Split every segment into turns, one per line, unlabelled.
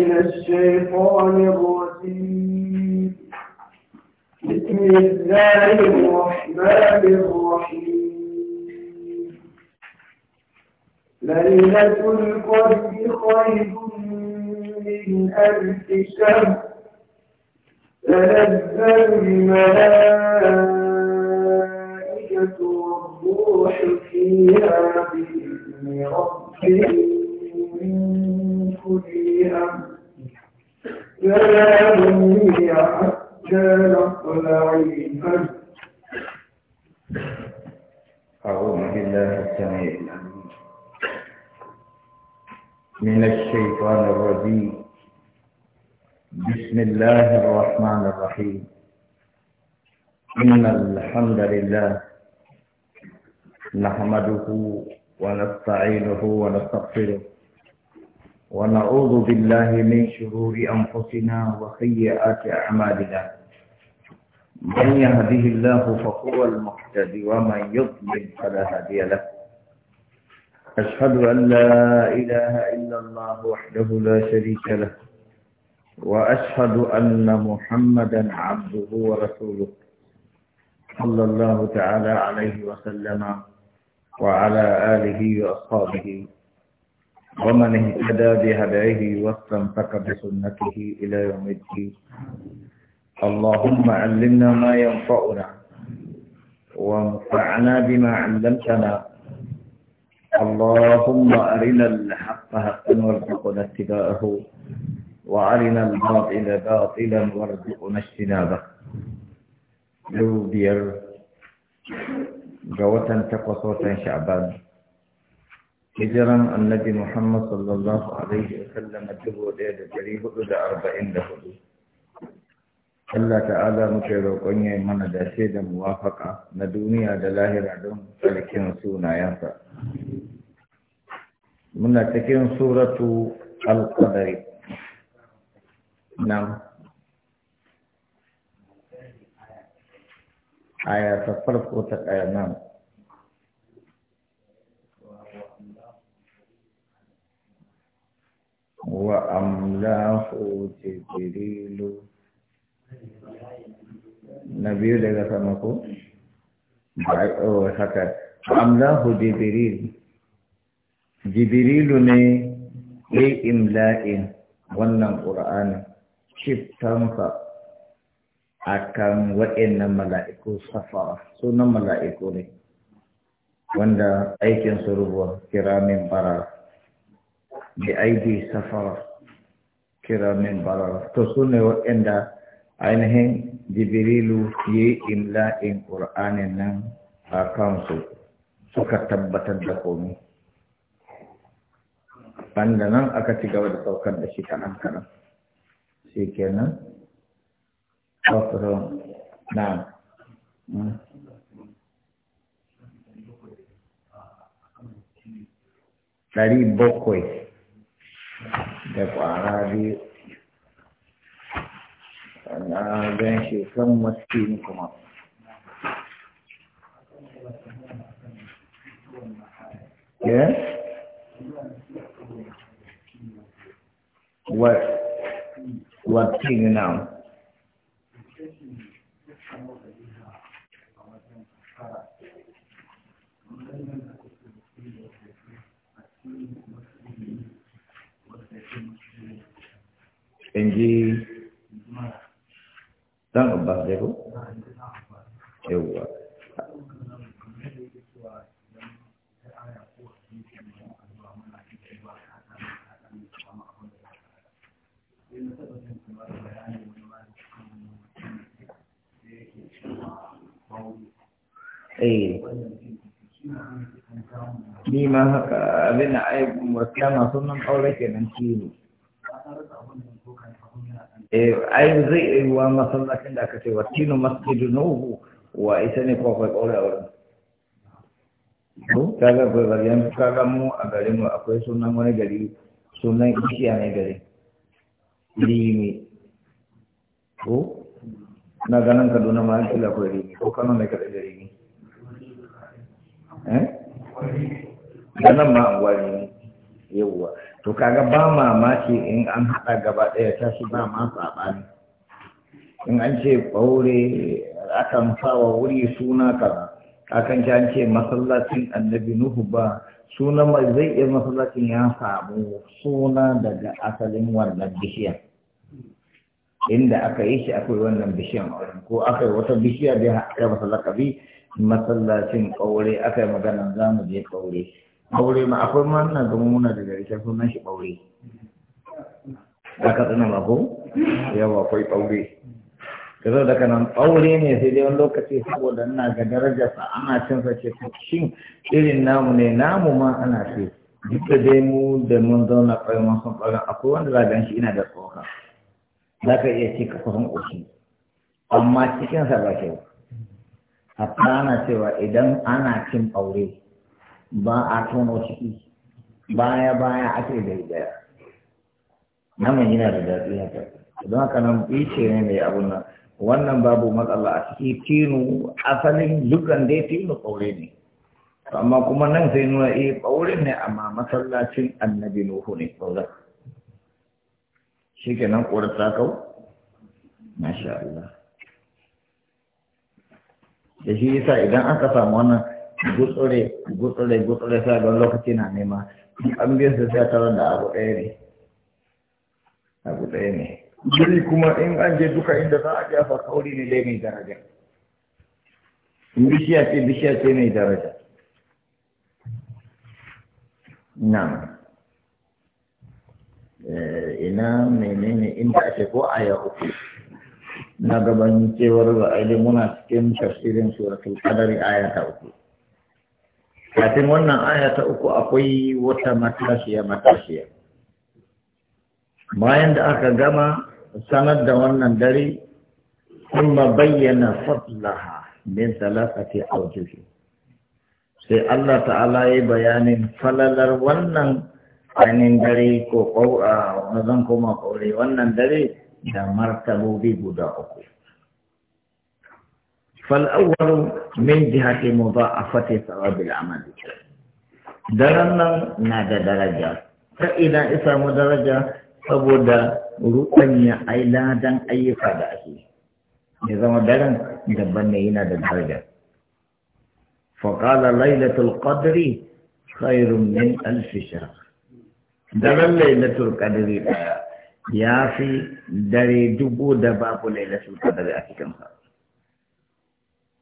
من الشيطان الرجيم بسم الله الرحمن الرحيم ليلة القدر خير من ألف شهر تنزل الملائكة والروح فيها بإذن ربهم من كل سلام هي حتى مطلع الفجر
أعوذ بالله السميع من الشيطان الرجيم بسم الله الرحمن الرحيم إن الحمد لله نحمده ونستعينه ونستغفره ونعوذ بالله من شرور أنفسنا وخيئات أعمالنا من يهده الله فهو المحتد ومن يضمن فلا هادي له أشهد أن لا إله إلا الله وحده لا شريك له وأشهد أن محمدا عبده ورسوله صلى الله تعالى عليه وسلم وعلى آله وأصحابه ومن اهتدى بهديه واستمسك بسنته إلى يوم الدين اللهم علمنا ما ينفعنا وانفعنا بما علمتنا اللهم أرنا الحق حقا وارزقنا اتباعه وأرنا الباطل باطلا وارزقنا اجتنابه لو بير جوة تقصوة شعبان هجران النبي محمد صلى الله عليه وسلم تبو ديد قريب ود 40 دهو الله تعالى مكيرو كوني من دا سيدا موافقا نا دنيا دا لاهرا دون لكن سونا ياسا من تكين سورة القدر نعم آية سفرق وتك آية نعم وأملاه جبريل نبي لك jibrilu ne ya imla'in wannan ƙura'ani shiftansa a kan waɗannan mala'iku safara sunan mala'iku ne wanda aikin su rubuwa kiramin bara bi aidi safara kiramin barar to su ne waɗanda ainihin jibrilu ya yi imla'in ƙur'anin nan a kansu suka tabbatar da komi banda nan aka ci gaba da saukar da shi kanan kanan shi kenan na ɗari bakwai da ƙwara biyu na gan shi kan maskin kuma ya what what thing now Inji ji dan abbas dai ko yawwa Eh. Ni ma haka abin da masu nan aure kenan shi eh ai zai yi wa masallacin da aka ce wa tinu masjidu nuhu wa ita ne ko kai kore a wurin ko kaga ko gariyan kaga mu a garin mu akwai sunan wani gari sunan ishiya ne gari limi ko na ganin kaduna ma kila akwai limi ko kano ne kada gari ne eh ganan ma an gwani yawwa to kaga ba mamaki in an haɗa gaba ɗaya tashi ba ma saɓani in an ce ɓaure akan sawa wuri suna kaza akan ce an ce masallacin annabi nuhu ba suna mai zai iya masallacin ya samu suna daga asalin wannan bishiyar inda aka yi shi akwai wannan bishiyar ko aka wata bishiya da ya masallaka lakabi masallacin ƙaure aka magana za zamu je ƙaure aure ma akwai wannan ga muna da garken sunan shi ɓaure aka tsina ba ko yawa akwai ɓaure ka zo daga nan ɓaure ne sai dai wani lokaci saboda ina ga sa ana cin sa ce shin irin namu ne namu ma ana ce duk da dai mu da mun zauna ƙwarai mun san ɓauren akwai wanda za gan shi ina da tsoka za ka iya ce ka kusan ƙoshi amma cikinsa ba kyau hatta ana cewa idan ana cin ɓaure ba a tono ciki baya baya ake daidaya naman yana da daɗi haka don haka nan bice ne mai abun nan wannan babu matsala a ciki tinu asalin dukkan dai tinu ƙaure ne amma kuma nan sai nuna eh ƙaurin ne amma masallacin annabi nuhu ne ƙaurar shi kenan ƙaurar ta kau masha Allah da shi yasa idan aka samu wannan gutsure gutsure gutsure sai don lokaci na nema an biya su sai tare da abu ɗaya ne abu ɗaya ne guri kuma in an je duka inda za a jafa kauri ne dai mai daraja bishiya ce bishiya ce mai daraja na eh, ina menene inda ake ko aya uku na gaban cewar ra'ayi muna cikin tafsirin suratul qadari aya ta uku kafin wannan aya ta uku akwai wata matashiya matashiya bayan da aka gama sanar da wannan dare kuma bayyana fadlaha min salasati awjuhi sai Allah ta'ala yi bayanin falalar wannan ainihin dare ko wani zan koma ƙaure wannan dare da martabobi guda uku فالأول من جهة مضاعفة ثواب العمل درنا نادى درجة فإذا إسام درجة فبدا رؤيا أيلادا أي فدائه نظام درن دبنا هنا درجة فقال ليلة القدر خير من ألف شهر درن ليلة القدر يا في دري دبو دباب ليلة القدر أكي كمسار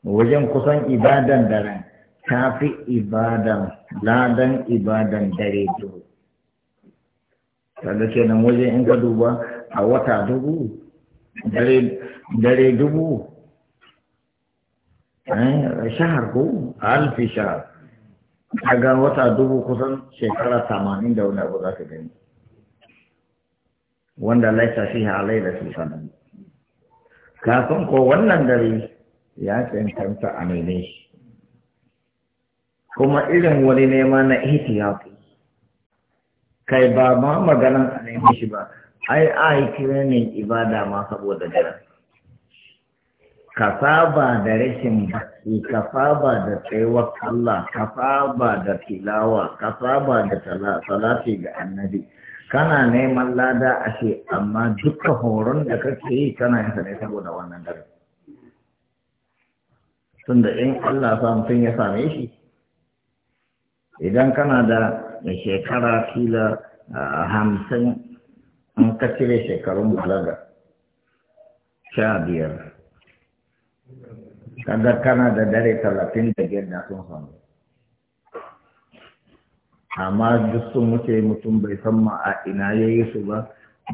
wajen kusan ibadan daren ta fi ibadan ladan ibadan dare dubu kaga kenan wajen in ka duba a wata dubu dare dubu eh, shahar ko alfi shahar kaga wata dubu kusan shekara tamanin da wani abu za ka gani wanda laisa shi halai da su sanan kafin ko wannan dare ya tsintanta a nene shi kuma irin wani nema na fi kai ba ma maganan a nene shi ba ai ai training ibada ma saboda jiran ka saba da rashin baki ka saba da tsayuwar Allah ka saba da tilawa ka saba da salafi ga annabi kana neman lada ashe amma duka horon da kake yi kana yin ne saboda wannan dare tunda in Allah sa mutum ya same shi idan kana da mai shekara kila ah, hamsin an ka cire shekarun balaga sha biyar kada kana da dare talatin da biyar da sun samu amma duk sun wuce mutum bai san ma a ina ya su ba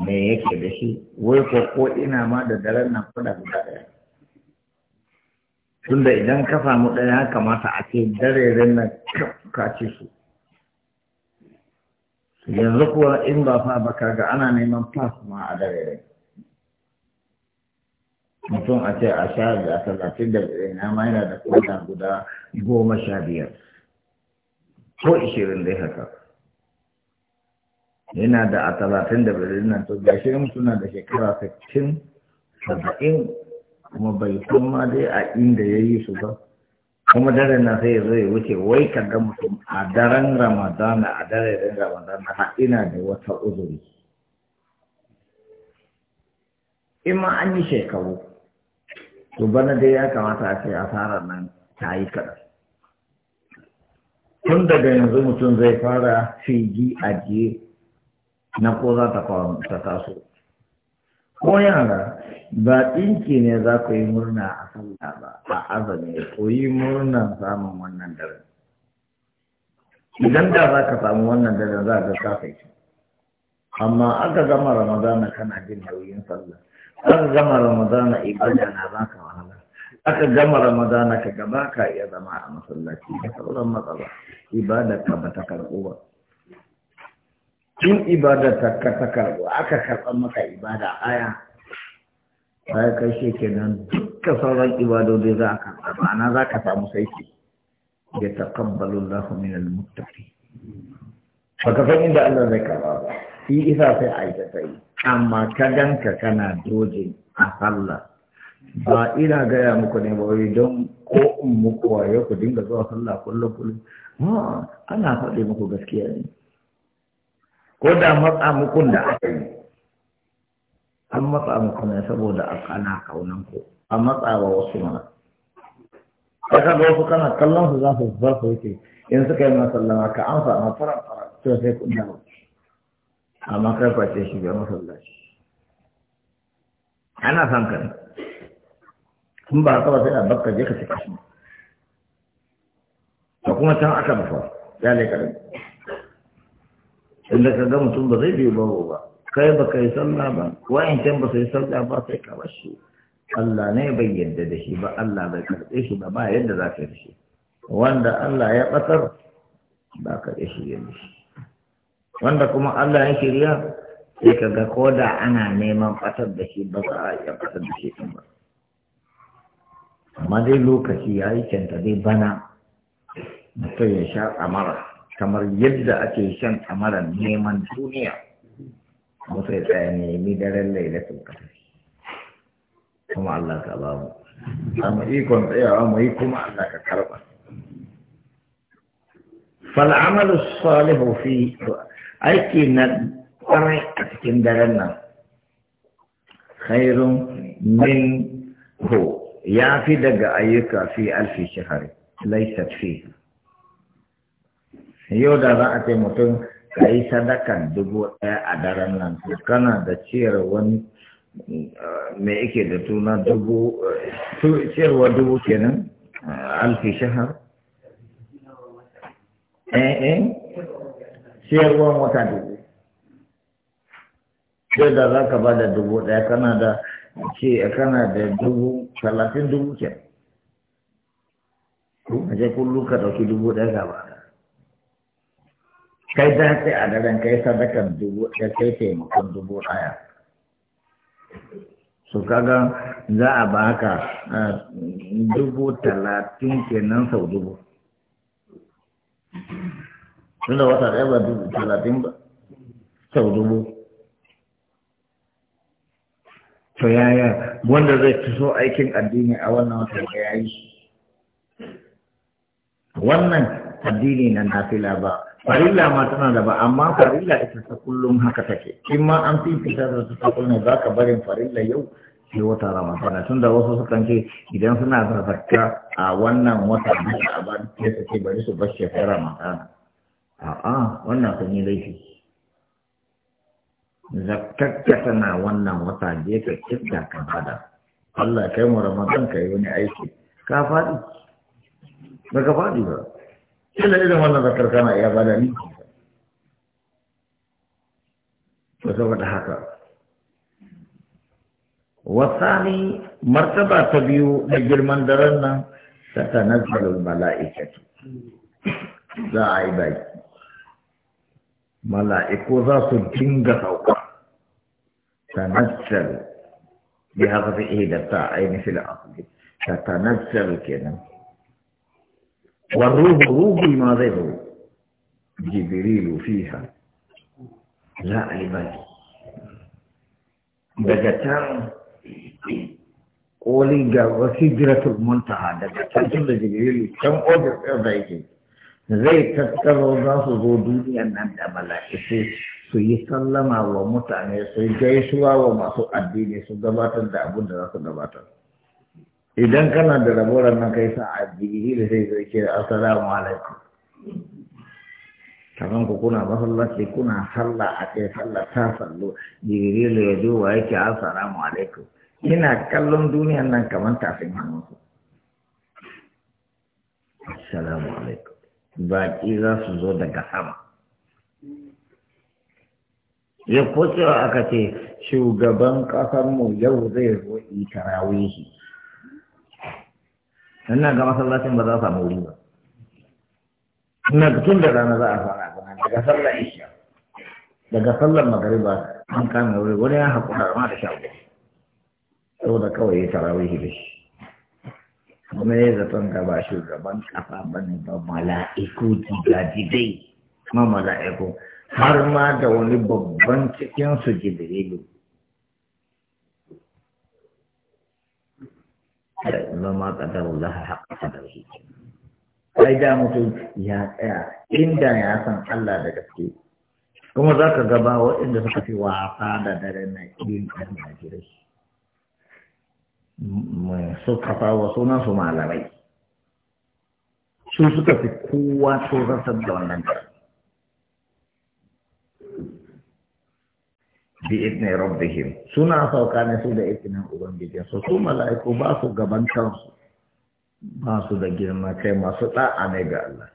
me yake da shi wai ko ko ina ma da daren nan kuɗa guda ɗaya tunda idan ka samu ɗaya kamata a ce dareren nan ka su yanzu kuwa in ba fa ba kaga ana neman fas ma a dare. mutum a ce a sha da talatin da ɗaya na ma yana da kwata guda goma sha biyar ko ishirin dai haka yana da a talatin da birnin nan to gashi in suna da shekara sittin saba'in kuma bai ma dai a inda ya yi su ba kuma dare na sai zai wuce wai ka ga mutum a daren ramadana a daren ramadana a ina da wata uzuri in ma an yi shekaru to bana dai ya kamata a ce asarar nan ta yi kaɗan tun daga yanzu mutum zai fara fiji ajiye na ko za ta taso ko yana ba ɗinki ne za ku yi murna a sallah ba a azumi ku yi murna samun wannan dare. idan da za ka samu wannan dare za ka ga shi amma aka gama ramadana kana jin nauyin sallah aka gama ramadana ibada na za ka wahala aka gama ramadana ka gaba ka iya zama a masallaci da sauran matsala ibada ka ba ta karɓo ba in ibada ta ka ta karɓo aka karɓar maka ibada aya bayan kai shi kenan duka sauran ibadodi za ka ma'ana za ka samu saiki ya taqabbalu Allahu min al-muttaqi ba ka san inda Allah zai karba ba shi isa sai a yi ta sai amma ka ganka kana dojin, a sallah ba ina gaya muku ne ba wai don ko in muku waye ku dinga zuwa sallah kullum kullum ana faɗi muku gaskiya ne ko da matsa mukun da aka yi an matsa muku ne saboda kana kaunan ku an matsa wa wasu mana ka ga wasu kana kallon su za su za su yake in suka yi masallama ka amsa ma faran faran to sai ku dawo amma kai ce shi ga masallaci ana san ka ne kun ba ka ba sai a bakka je ka ci kashi Ba kuma can aka bafa ya ne karin inda ka ga mutum ba zai biyu ba ba kai ba kai sallah ba wa'ancan ba su yi sallah ba sai ka bar Allah ne bai yadda da shi ba Allah bai karɓe shi ba ba yadda za ka yi shi wanda Allah ya ɓatar ba ka yi shi yadda shi wanda kuma Allah ya shirya sai ka ga ko da ana neman ɓatar da shi ba za a iya ɓatar da shi ba amma dai lokaci ya yi canta dai bana mutum ya sha kamara kamar yadda ake shan kamarar neman duniya يعني إيه، فالعمل الصالح في أي كنا أري أتكندرنا خير من هو يا في دقة أيك في ألف شهر ليست فيه يودا رأتي متن ka yi sadakan dubu ɗaya a daren nan kana da ciyar wani me yake da tuna dubu ciyarwa dubu kenan alfi shahar eh eh ciyarwa wata dubu sai da za ka ba da dubu ɗaya kana da ce kana da dubu talatin dubu kenan a je kullum ka ɗauki dubu ɗaya gaba kai da sai a daren kai sadakar dubu da kai taimakon dubu ɗaya su kaga za a baka dubu talatin kenan sau dubu tunda wata ɗaya ba dubu talatin ba sau dubu to yaya wanda zai fi so aikin addini a wannan wata da ya yi wannan addini na nafila ba farilla ma tana da ba amma farilla ita ta kullum haka take in ma an fita da ta kullum za ka barin farilla yau sai wata ramadana tun da wasu sukan ce idan suna da zakka a wannan wata na sha'aban sai su ce bari su bar shekara ramadana a'a wannan sun yi laifi zakkakka tana wannan wata je ka kirga ka bada Allah kai mu ramadan ka yi wani aiki ka faɗi ba ka faɗi ba kila irin wannan zakar kana iya bada ni to saboda haka wasani martaba ta biyu da girman daren nan ta tanazzalul mala'ikatu za a yi baki mala'iku za su dinga sauka tanazzalu bi hafafi ihdatta ainihin al'aqli ta tanazzalu kenan والروح روحي ما ذهب جبريل فيها لا عبادي دجتان قولي جاوة سجرة المنتهى دجتان كل جبريل كم أجر ضيجي zai tattaro za su zo duniyan nan da mala'iku su yi sallama wa mutane su gaisuwa wa masu addini su gabatar da abun da za su gabatar idan kana da rabuwar nan kai sa a da sai zai ce assalamu alaikum kaman ku kuna masallaci kuna sallah a kai sallah ta sallo da ya duba yake assalamu alaikum ina kallon duniyan nan kaman tafin hannu assalamu alaikum baki za su zo daga sama ya ko cewa aka ce shugaban ƙasarmu yau zai zo yi ina ga masallacin ba za a samu wuri ba ina ga tun da rana za a fara abin daga sallar isha daga sallar magariba an kame wuri wani ya haƙura ma da sha uku saboda kawai ya shi da shi kuma ya zaton gaba shugaban kafa bane ba mala'iku jigajidai kuma mala'iku har ma da wani babban cikin su jibrilu ma ƙadarullah haƙa ƙadarhi sai da mutum ya tsaya inda ya san Allah da gaske kuma za ka gaba waɗanda suka fi wasa da dare na irin ƙarni a su kafa wa sunan su malamai su suka fi kowa tsoratar da wannan dare bi idni rabbihim suna sauka ne su da idnin ubangiji su su mala'iku ba su gaban kansu ba su da girma kai masu da'a ne ga Allah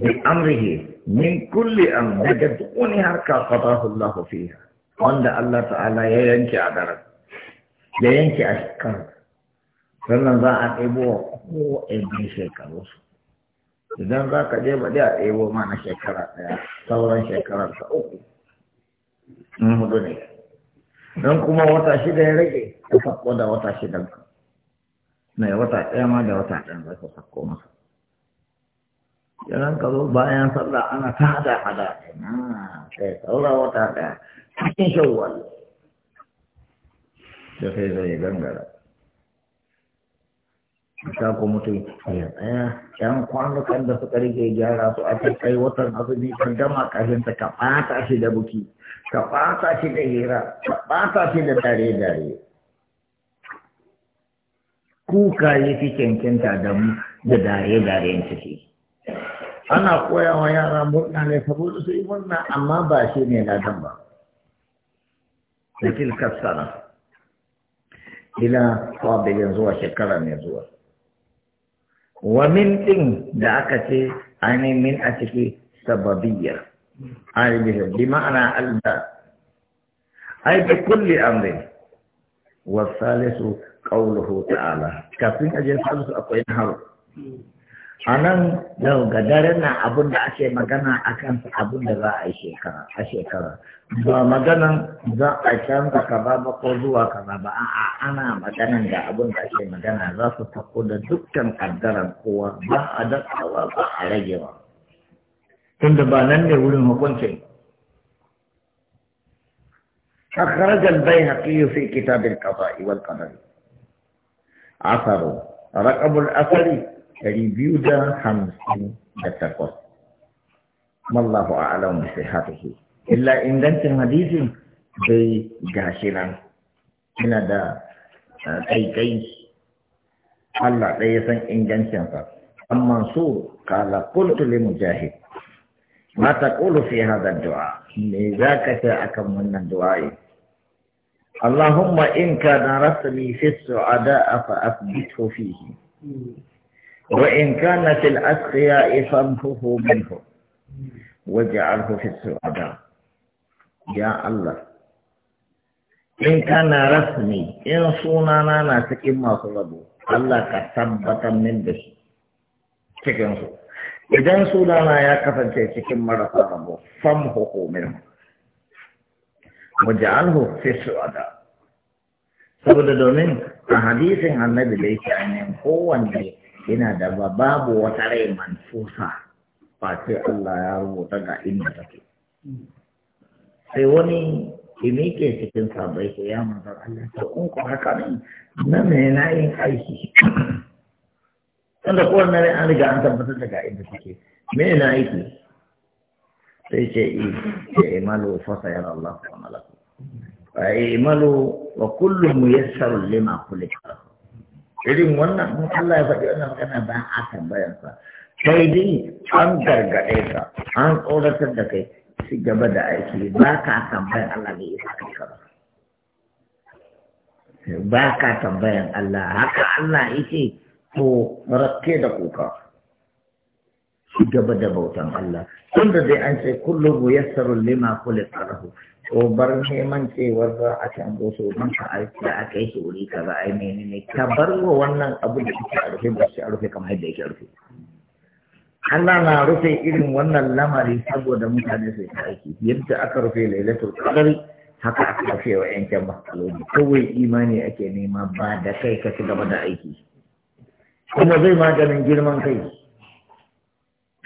bi amrihi min kulli am daga duk wani harka fatahu Allah fiha wanda Allah ta'ala ya yanke a daren ya yanke a kan sannan za a ɗebo ko kowane shekaru idan za ka je ba a ɗebo mana shekara ɗaya sauran shekarar ta uku in hudu ne don kuma wata shida ya rage ka sako da wata shidan ka mai wata ɗaya ma da wata ɗaya za ka sako masa yaran ka zo bayan sallah ana ta hada hada kai saura wata ɗaya cikin shawwal da sai zai gangara ta ko mutum ya tsaya yan kwanukan da suka rike gyara su a kai watan azumi kan gama kafin ta ka ɓata shi da buki ka ɓata shi da hira ka ɓata shi da dare-dare kuka yi fi cancanta da mu da dare-daren ciki ana koya wa yara murna ne saboda su yi murna amma ba shi ne ladan ba da kassara. sana ila kwabilin zuwa shekara mai zuwa wa min ɗin da aka ce ainihin min a ciki sababiyar عالمهم بمعنى الباب أي بكل أمر والثالث قوله تعالى كافين أجل ثالث أقوين haru anan yau ga na abin da ake magana a kansa abin da za a yi shekara a shekara ba magana za a canza karaba ba ko zuwa karaba. ba a'a ana magana da abin da ake magana za su tako da dukkan kaddaran kowa ba a daɗawa ba a ragewa tunda ba nan ne wurin hukunci ne kakkara jalbai haƙi yi fi ƙi tabin ƙafa iwal ƙanari a raƙabar asari ɗari biyu da hamsin da takwas mallafu a alam sai haka ke illa ingancin hadisin zai gashi nan yana da ƙaiƙai allah ɗaya san ingancinsa amma so kala kultuli mujahid ما تقول في هذا الدعاء لذاك جاءكم من الدعاء اللهم إن كان رسمي في السعداء فأثبته فيه وإن كان في الأسقياء فانفه منه واجعله في السعداء يا الله إن كان رسمي إن صنعنا ناسك ما صلبوا الله كثبت من به تكنسوا idan sunana ya kasance cikin marasa rabo fam hukumin waje'alhu fi su'ada saboda domin a hadisin annabi da yake ainihin kowanne yana da babu wata rai mansusa ba sai Allah ya rubuta ga inda take sai wani kimi ke cikin sabai ke ya manzan Allah to in haka ne na me na yin aiki tunda na rai an riga an tabbatar da ga inda take me na aiki sai ce i eh, ce imalu eh, fasa yar Allah wa malaku yi eh, imalu wa kullu muyassaru lima kule. irin wannan mun Allah ya faɗi wannan magana ba a tambayar sa sai dai an gargaɗe ka an tsoratar da kai ci gaba da aiki ba ka tambayar Allah ne ya kai ka ba ka tambayar Allah haka Allah yake to rakke da kuka gaba da bautan Allah tunda dai an ce kullum muyassarun lima kulli tsarahu to bar neman cewar za a canzo so man ka aiki da aka yi shi wuri kaza ai menene ka bar wa wannan abu da yake a rufe ba shi a rufe kamar yadda yake rufe Allah na rufe irin wannan lamari saboda mutane su yi aiki yadda aka rufe lailatul qadari haka aka rufe wa yankin kawai imani ake nema ba da kai ka ci gaba da aiki kuma zai maganin girman kai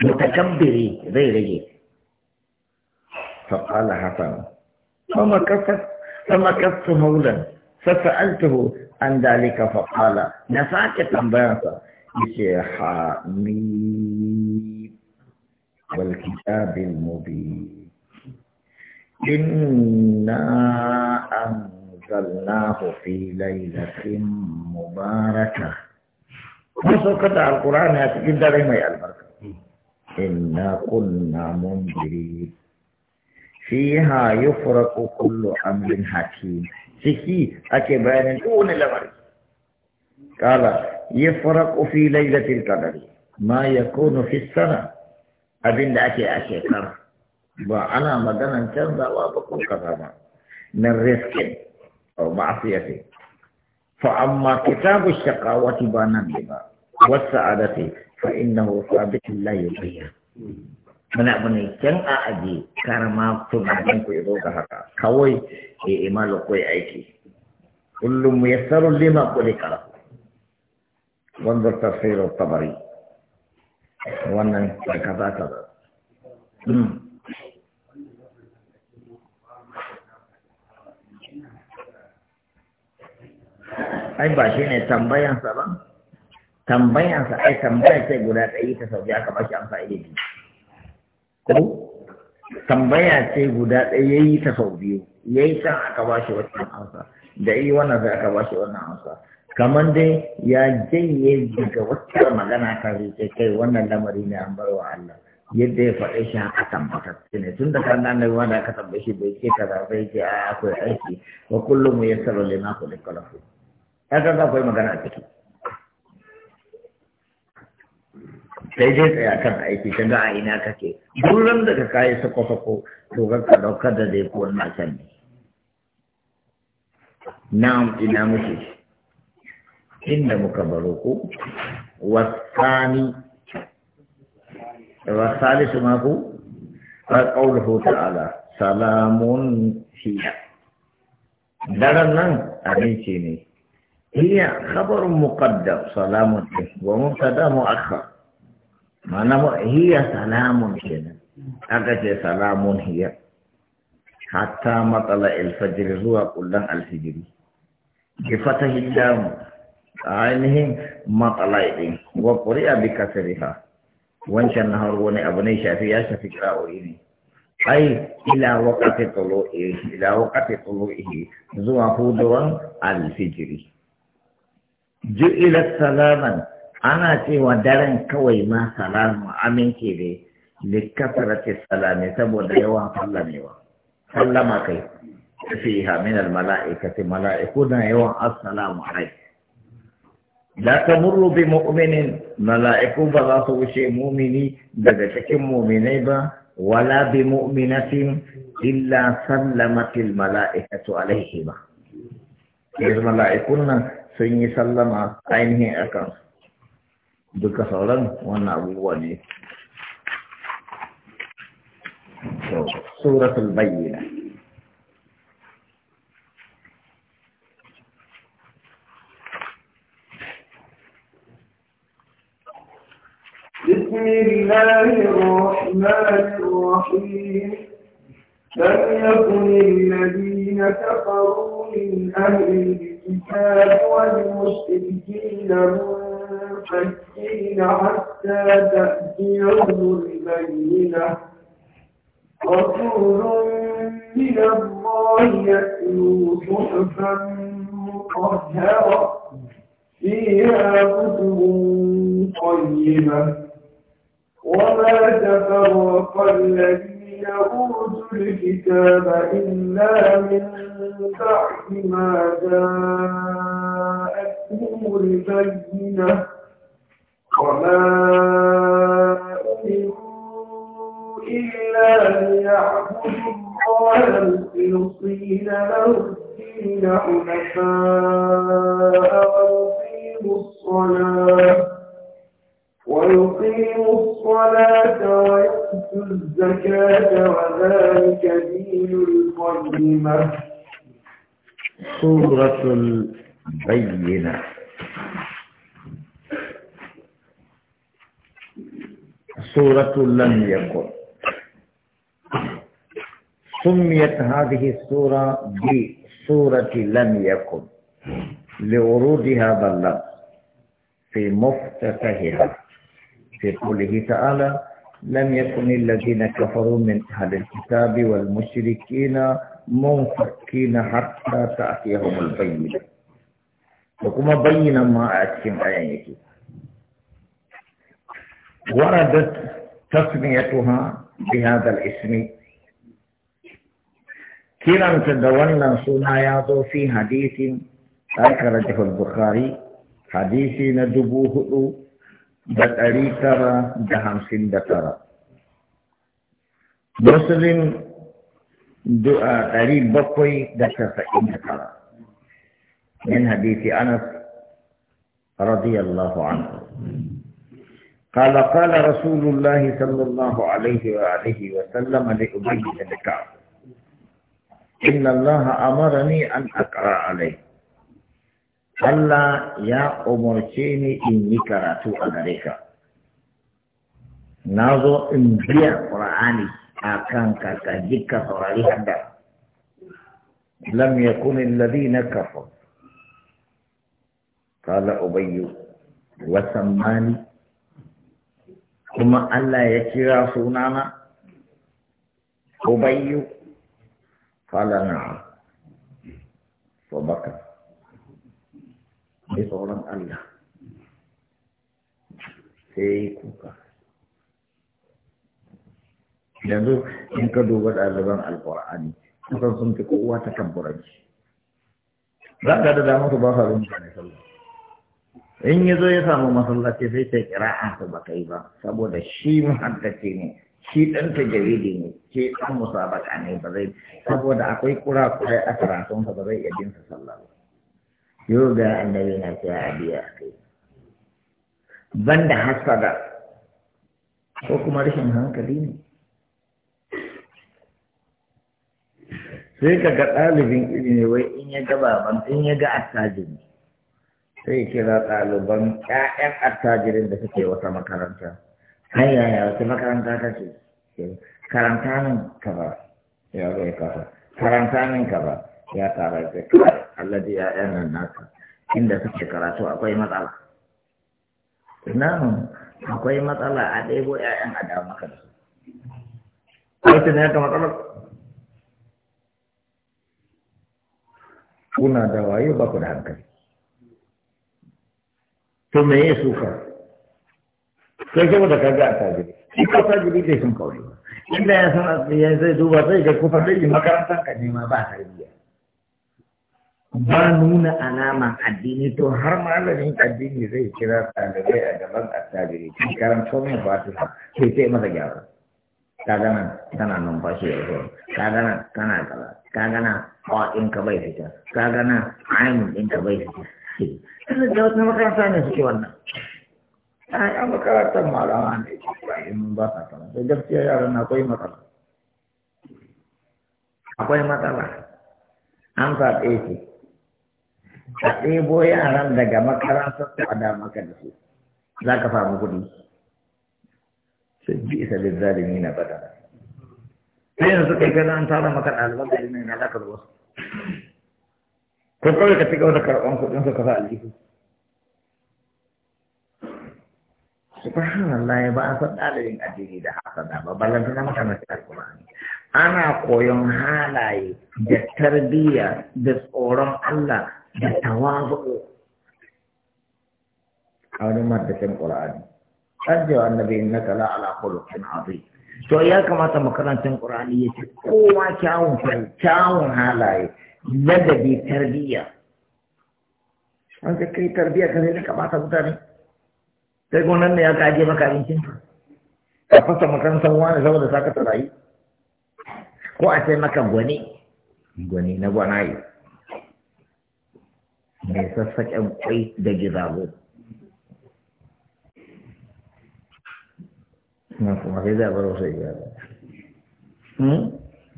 متكبري zai rage فقال حسن فما كفت فما كفت مولا فسألته عن ذلك فقال نفاك تنبيعك يشي حميد والكتاب المبين إنا أنزلناه في ليلة مباركة mun saukar da alkur'ani a cikin dare mai albarka inna kunna munziri fiha yufraqu kullu amrin hakim ciki ake bayanin kowane lamari kala yufraqu fi Lailatin qadri ma yakunu fi sana abinda ake a shekara ba ana maganan canzawa ba ko kaza ba min riskin a ma'siyati fa amma kitabu shaqawati ba nan ba والسعاده فانه ثابت لا يغير muna bane can a aje karama ko ba kan ku ido ga haka kawai e imalo koi aiki kullu muyassaru lima kulli kala wanda tafsir tabari wannan ka kaza ta ai ba shine tambayan sa ba sa ai tambaya ce guda ɗaya ta sauƙi aka bashi amsa iri biyu ko tambaya ce guda ɗaya ya yi ta sau biyu ya yi can aka bashi wannan amsa da yi wannan sai aka bashi wannan amsa kamar dai ya janye daga wata magana ta rike kai wannan lamari ne an bar wa Allah yadda ya faɗe shi haka tambata. ne tun da kan nan wanda aka tambaye shi bai ce kaza bai ce a akwai aiki wa kullum ya salo lima kullu kalahu kaga kai magana a ciki sai dai tsaya kan aiki ka ga a ina kake duran da ka kayi sako-sako to ga ka ɗauka da zai kuwa na can ne na ina muke inda muka baro ku wasani wasani su maku a ƙaunar ala salamun hiya daren nan abinci ne hiya khabarun muqaddam salamun wa mubtada mu'akhkhar mana hiya salamun kenan aka ce salamun hiya hatta matsala alfajir zuwa kullan alfijiri ki fata hiddamu ainihin matsala din wa quri'a bi kasriha wancan na har wani abu ne shafi ya shafi kira'o'i ne ai ila waqati tulu'i ila waqati tulu'i zuwa hudawan alfijiri ju'ilat salaman ana cewa daren kawai ma salamu aminci ne likasarati Salame saboda yawan sallamewa sallama kai fiha min almala'ikati mala'iku na yawan assalamu alaikum la tamurru bi mu'minin mala'iku ba za su wuce mumini daga cikin muminai ba wala bi mu'minatin illa sallamatil mala'ikatu alaihi ba yanzu mala'ikun nan sun yi sallama ainihin akan duka sauran wannan abubuwa ne suratul bayyina
بسم الله الرحمن الرحيم لم يكن الذين كفروا من أهل الكتاب والمشركين منه مستكين حتى تأتيهم البينة رسول من الله يتلو صحفا مطهرة فيها كتب طيبة وما تفرق الذين أوتوا الكتاب إلا من بعد ما جاءتهم البينة وما أمروا إلا ليعبدوا الله مخلصين له الدين حنفاء ويقيموا الصلاة ويقيموا الصلاة ويؤتوا الزكاة وذلك دين القيمة
سورة البينة سورة لم يكن سميت هذه السورة بسورة لم يكن لورود هذا اللفظ في مفتتحها في قوله تعالى لم يكن الذين كفروا من أهل الكتاب والمشركين منفكين حتى تأتيهم البينة وكما بين ما أتكم أيانيكي وردت تسميتها بهذا الاسم كلا تدولنا سنايات في حديث أخرجه البخاري حديث ندبوه بطري ترى جهام سند ترى مسلم دعاء آه، قريب بقوي دكتر فإن ترى من حديث أنس رضي الله عنه قال قال رسول الله صلى الله عليه وآله وسلم لأبي بن كعب إن الله أمرني أن أقرأ عليه ألا يا أمرتيني إني قرأت عليك نظر إن بيع قرآني أكان كتجيك قرآني لم يكن الذين كفروا قال أبي وسماني kuma Allah ya kira sunana ubayyu kala na sabaka mai sauran Allah sai ya yi kuka yanzu in ka duba ɗaliban alƙur'ani kusan sun fi kowa ta kabburanci za ka da damar su ba sa rumfa ne sallah in ya zo ya samu masallaci sai ta kira'a su ba kai ba saboda shi muhaddace ne shi dan jaridi ne shi dan musabaka ne ba zai saboda akwai kurakurai a karatun ba zai iya bin sa sallah ba yau ga annabi na cewa a biya kai banda hasada ko kuma rashin hankali ne sai ka ga ɗalibin ilimi wai in ya ga baban in ya ga attajiri sai kira ɗaliban ƴaƴan attajirin da suke wata makaranta har yaya wata makaranta ka ce karanta min ka ba ya zai kafa karanta min ka ba ya tara ce kai Allah ya ƴaƴan nan naka inda suke karatu akwai matsala nan akwai matsala a ɗebo ƴaƴan a da maka da su kai tunan ka matsalar kuna da wayo ba ku da hankali to me ya suka sai saboda kaga a tajiri shi ka tajiri zai sun kauri inda ya san ya zai duba zai ga kufa zai yi makarantar ka nema ba tarbiyya ba nuna alama addini to har malamin addini zai kira ɗalibai a gaban attajiri shi karanto min fatiha sai sai masa gyara ka gana kana numfashi da zuwa ka gana kana kaza ka gana hawa ɗinka bai fita ka gana ainihin ɗinka bai fita da wata suke wannan
a makarantar malama ne
an sa ɗaya a ɗebo yaran daga makarantar su da za ka kuɗi na bada sai yanzu kai an tara maka ɗaliban da wasu ko kawai ka cigaba da karɓan kuɗin ka sa aljihu subhanallah ya ba a san ɗalibin addini da hasada ba ballan tana makamantar alkur'ani ana koyon halaye da tarbiyya da tsoron Allah da tawazu a wani maddacin ƙur'ani. Ajiyar annabi innaka la ala khuluqin azim to ya kamata makarantar ƙur'ani ya ce kowa kyawun kyawun halaye ladabi tarbiyya an ka kai tarbiyya ka zai kamata mutane sai gonan ne ya kaje maka abincin ka fasa makarantar wani saboda saka tarayi ko a sai maka gwani gwani na gwanaye mai sassaƙen kwai da gizago na kuma sai za a bar wasu gyara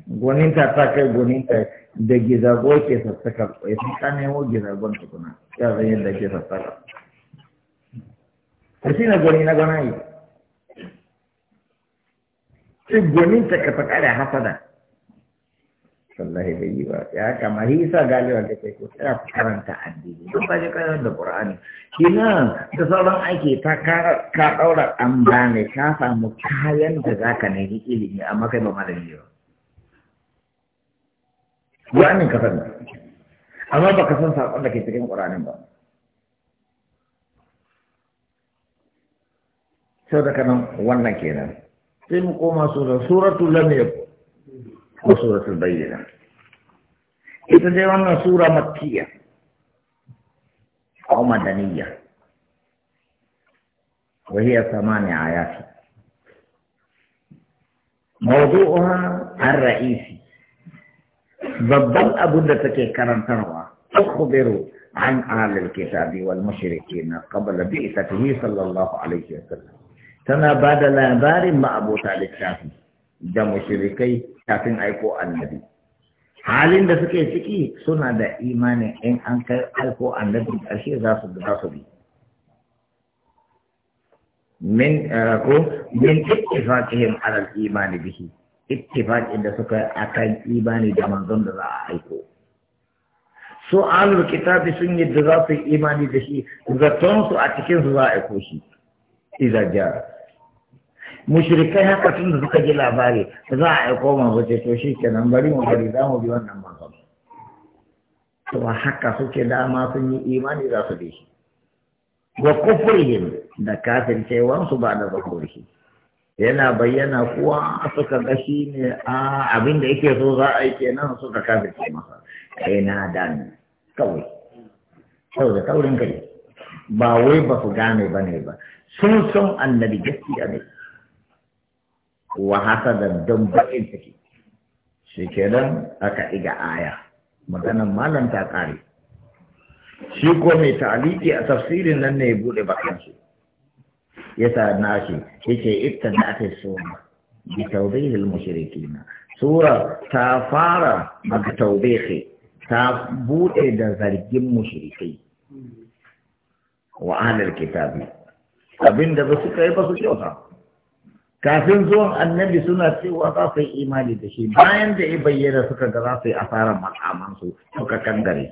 gwaninta ta kai gwaninta da gizago ke sassaka ya fi ka nemo gizagon tukuna ya zan yadda ke sassaka ta shi na gwani na gwanayi sai gwaninta ka faɗa da hasada wallahi bai yi ba ya kama hisa galiba da ke kusa karanta addini don ba shi karanta da ƙur'ani kina da sauran aiki ta ka ɗaura an ba ne ka samu kayan da za ka nemi ilimi amma kai ba malami ba ƙur'anin ka sani amma ba ka san saƙon da ke cikin ƙur'anin ba sau da kanan wannan kenan sai mu koma sura suratul lam yakun وسورة البينة إذا جاءنا سورة مكية أو مدنية وهي ثمان آيات موضوعها الرئيسي بالضبط أبو دتك كرم تروى أخبروا عن آل الكتاب والمشركين قبل بعثته صلى الله عليه وسلم تنا بعد لا بار ما أبو طالب شافي جمع شركي kafin aiko annabi halin da suke ciki suna da imanin in an kai aiko annabi ƙarshe za su za su bi min eh, ko min ittifaqihim ala al-iman bihi ittifaqin da suka akan imani da manzon da za a aiko su alul kitabi sun yi da za su yi imani da shi zaton su a cikin su za a aiko shi idan mushrikai haka tun da suka ji labari za a aiko manzo ce to shi kenan bari mu bari za mu bi wannan manzo to haka suke dama sun yi imani za su bi shi wa kufrihim da kafircewan su ba da zakurihi yana bayyana kuwa suka ga shi ne a abin da yake so za a yi kenan suka ce masa kai na dan kawai da taurin kai ba wai ba su gane ba ne ba sun san annabi gaskiya ne wa hasadan don bakin ciki shi kenan aka iga aya maganan malam ta kare shi ko mai ta'aliki a tafsirin nan ne ya bude bakin shi ya sa shi yake ita da ake suna bi tawbihil mushrikin sura ta fara daga tawbihi ta buɗe da zargin mushrikai wa ahlul kitabi abinda ba su kai ba su kyauta kafin zuwan annabi suna cewa za su yi imani da shi bayan da ya bayyana suka ga za su yi asarar makamansu suka kangare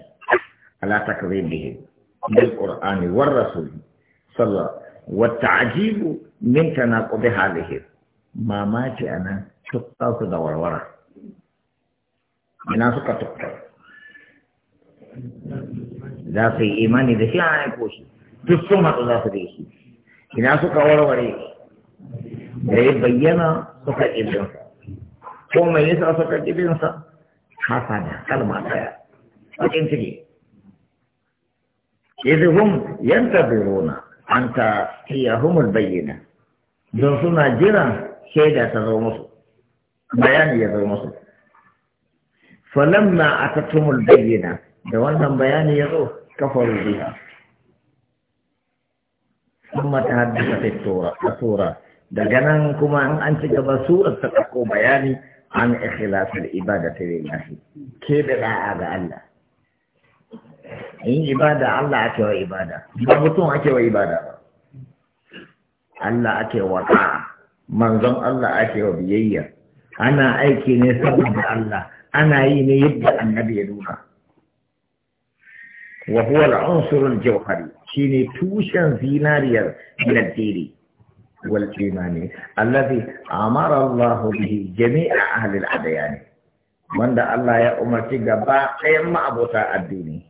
ala takribihi bil qur'ani war rasul sallallahu wa ta'jibu min tanaqudi halihi mamaki anan tukka su da warwara ina suka tukka za su yi imani da shi a aiko shi duk sun matsu za su da shi ina suka warware da ya bayyana suka ƙibinsa ko mai yasa suka ƙibinsa hasana kalma ɗaya cikin ciki idhum biruna, an ta tiyahumul bayyana don suna jiran shaida ta zo musu bayani ya zo musu falamma atatumul bayyana da wannan bayani ya zo kafaru biha ثم تحدثت التوراة daga nan kuma in an ci gaba surar ta ɗauko bayani an ikhlasul ibadati lillahi ke da da'a ga Allah yin ibada Allah ake wa ibada ba mutum ake wa ibada ba Allah ake wa ta'a manzon Allah ake wa biyayya ana aiki ne saboda Allah ana yi ne yadda annabi ya nuna wa huwa al-unsur al-jawhari shine tushen zinariyar min ad والإيماني الذي أمر الله به جميع أهل الأديان من دا الله يا عمر تيغا با ما ابو تا اديني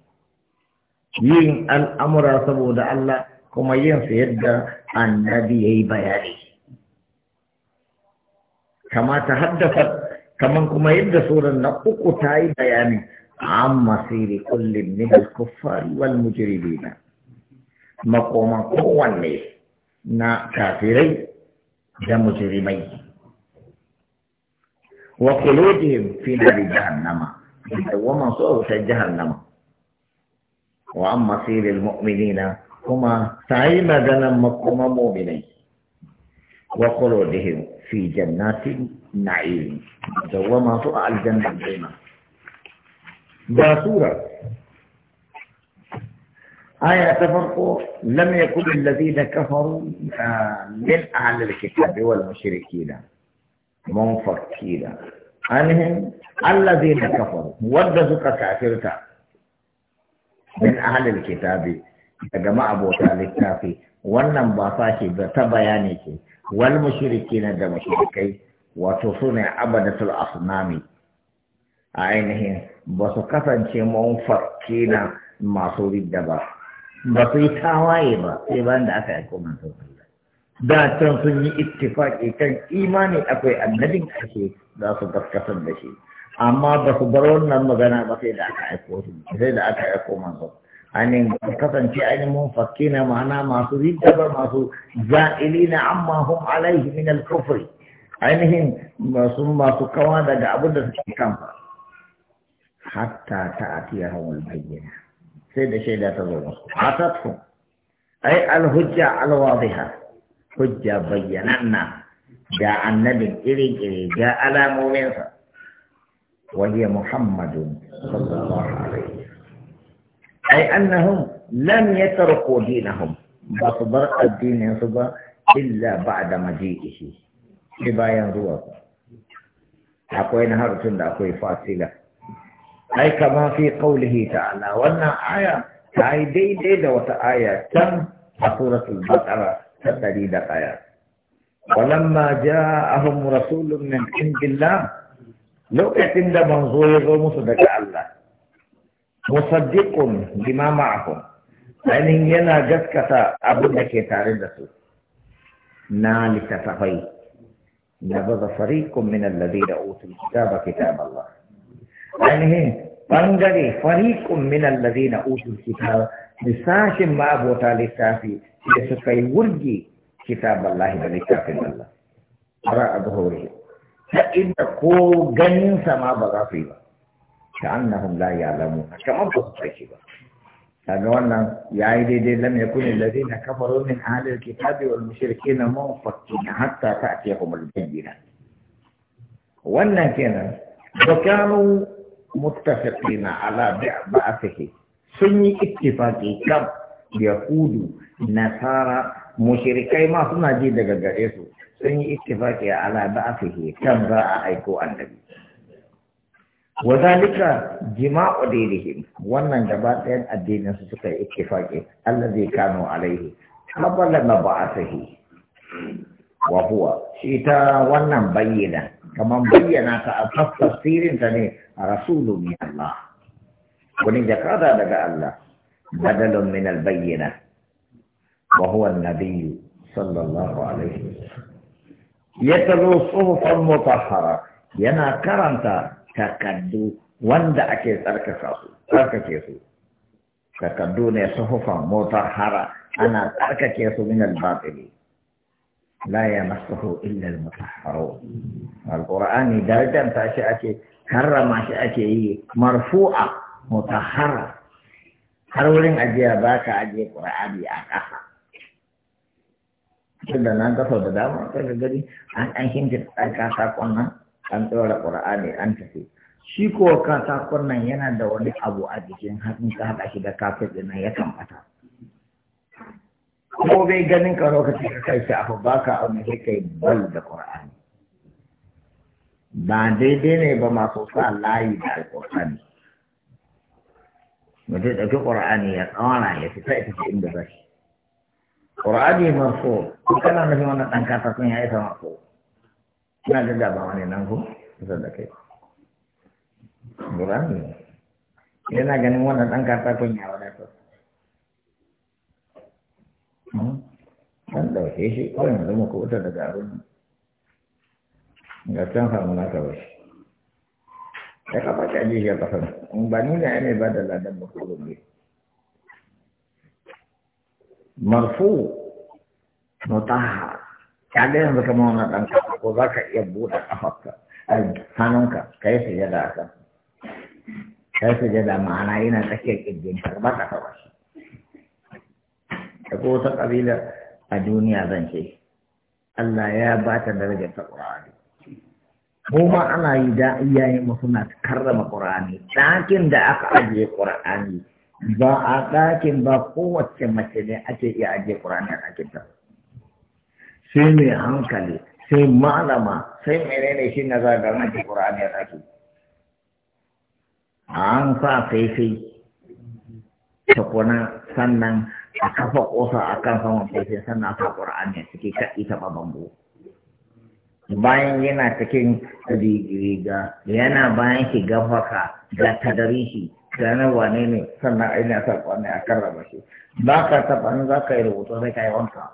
يين ان امر الله كما يين سيدا ان نبي اي بياري كما تحدثت كما كما يد سوره نقو تاي بياني عام مصير كل من الكفار والمجرمين مقوما قوانيه na kafirai da mujrimai wa khuludihim fi nar jahannama wa man sawta jahannama wa amma siril mu'minina kuma sai maganan makoma mu'minai wa khuludihim fi jannatin na'im da wa ma su'a aljanna ba sura آية تفرقوا لم يكن الذين كفروا من أهل الكتاب والمشركين منفكين عنهم الذين كفروا ودزك كافرتا من أهل الكتاب daga ma'abota littafi wannan ba ke da ta bayani ce wal mushriki na da mushrikai wato su ne abadatul asnami a ainihin ba su kasance mun masu ridda ba ba su yi tawaye ba sai bayan da aka aiko manzon Allah da can sun yi ittifaki kan imani akwai annabin ake za su gaskatar da shi amma ba su bar wannan magana ba sai da aka aiko shi sai da aka aiko manzon ani kasance ainihin fakki na ma'ana masu ba masu za'ili na amma hum alaihi min al-kufri ainihin masu masu kawa daga abin da suke kanfa hatta ta atiyahum al bayyana سيد الشيء لا تظلم عطته أي الهجة الواضحة هجة بيننا جاء النبي إلي إلي جاء على مبينة وهي محمد صلى الله عليه وسلم أي أنهم لم يتركوا دينهم بصدر الدين صبا إلا بعد مجيئه لبا ينظر نهار هارتون أقوي فاصلة أي كما في قوله تعالى وأن آية هاي دي دي دوت آية تم سورة البقرة تدري آية ولما جاءهم رسول من عند الله لو عند منظور الرموس بك الله مصدق لما معهم أن يعني ينا جسكة أبو لكي تاردسو نالك فهي نبذ فريق من الذين أوتوا الكتاب كتاب الله ainihin bangare fariƙun zai allazina utul kitab lissashin ma abota littafi da suka yi wurge kitab Allah da littafin Allah ara abhuri ta inda ko ganinsa ma ba za su yi ba ka annahum la ya'lamu kamar ba su ba kaga wannan yayi daidai lam yakun allazina kafaru min ahli alkitabi wal mushrikin munfakkina hatta ta'tiyahum albayyinah wannan kenan da kanu متفقين على بعثه سني اتفاقي كم يهود نصارى مشركين ما سنا جي دغا غريسو سني اتفاقي على بعثه كم راى ايكو النبي وذلك جماع دينهم وانا جباتين الدين addinin su الذي كانوا عليه قبل مبعثه وهو شيطان وانا wa كما بينا تفسير تاني رسول من الله ونجا كذا دقا الله بدل من البينة وهو النبي صلى الله عليه وسلم يتلو صحفا مطهرا ينا كرنتا تكدو وند أكيس أركك أركك تكدو صحفا مطهرة أنا أركك من الباطل la ya masahu illa al-mutahharu al-qur'ani darajar ta shi ake harrama shi ake yi marfu'a mutahhara har wurin ajiya baka ka ajiye qur'ani a ƙasa tunda nan kafa da dama ka gari an an ta an tsora qur'ani an tafi shi ko katakon nan yana da wani abu a jikin har in ka hada shi da kafin din ya kan ko bai ganin ka lokaci ka kai shi abu ba ka abu sai kai bal da qur'ani ba daidai ne ba masu sa layi da alqur'ani mutum ɗauki qur'ani ya tsawara ya fita ita ce inda zai qur'ani marfu ko kana nufin wani ɗan kasa sun ya isa marfu ina da ba wani nan ko kusa da kai qur'ani yana ganin wannan ɗan kasa kun ya wadatar Hmm? an ɗauke shi ko yanzu muku wuta daga abin ga can samu na ta bashi ya kafa ta ji ya kafa in ba ni ne ne ba da ladan ba ko ne marfu mutaha ka ga yanzu kama wannan ɗan kafa ko za ka iya buɗe kafarka hannunka ka yi sujada a kan ka yi sujada ma'ana yana tsakiyar kirjin ka ba ta kafa shi da ko wata ƙabila a duniya zan ce Allah ya ba ta darajar ta ƙur'ani mu ma ana yi da iyaye mu suna karrama ƙur'ani ɗakin da aka ajiye ƙur'ani ba a ɗakin ba kowace mace ne ake iya ajiye ƙur'ani a ɗakin ta sai mai hankali sai malama sai menene shi na zaga mace ƙur'ani a ɗakin an sa faifai tukuna sannan a kafa ƙofa akan kan saman sai sannan sa ƙur'ani a ciki ka ita ba bambu bayan yana cikin riga yana bayan ki gafaka ga shi, ranar wane ne sannan a ina sa ƙwani a kan raba shi ba ka taɓa za ka yi rubutu sai ka wanka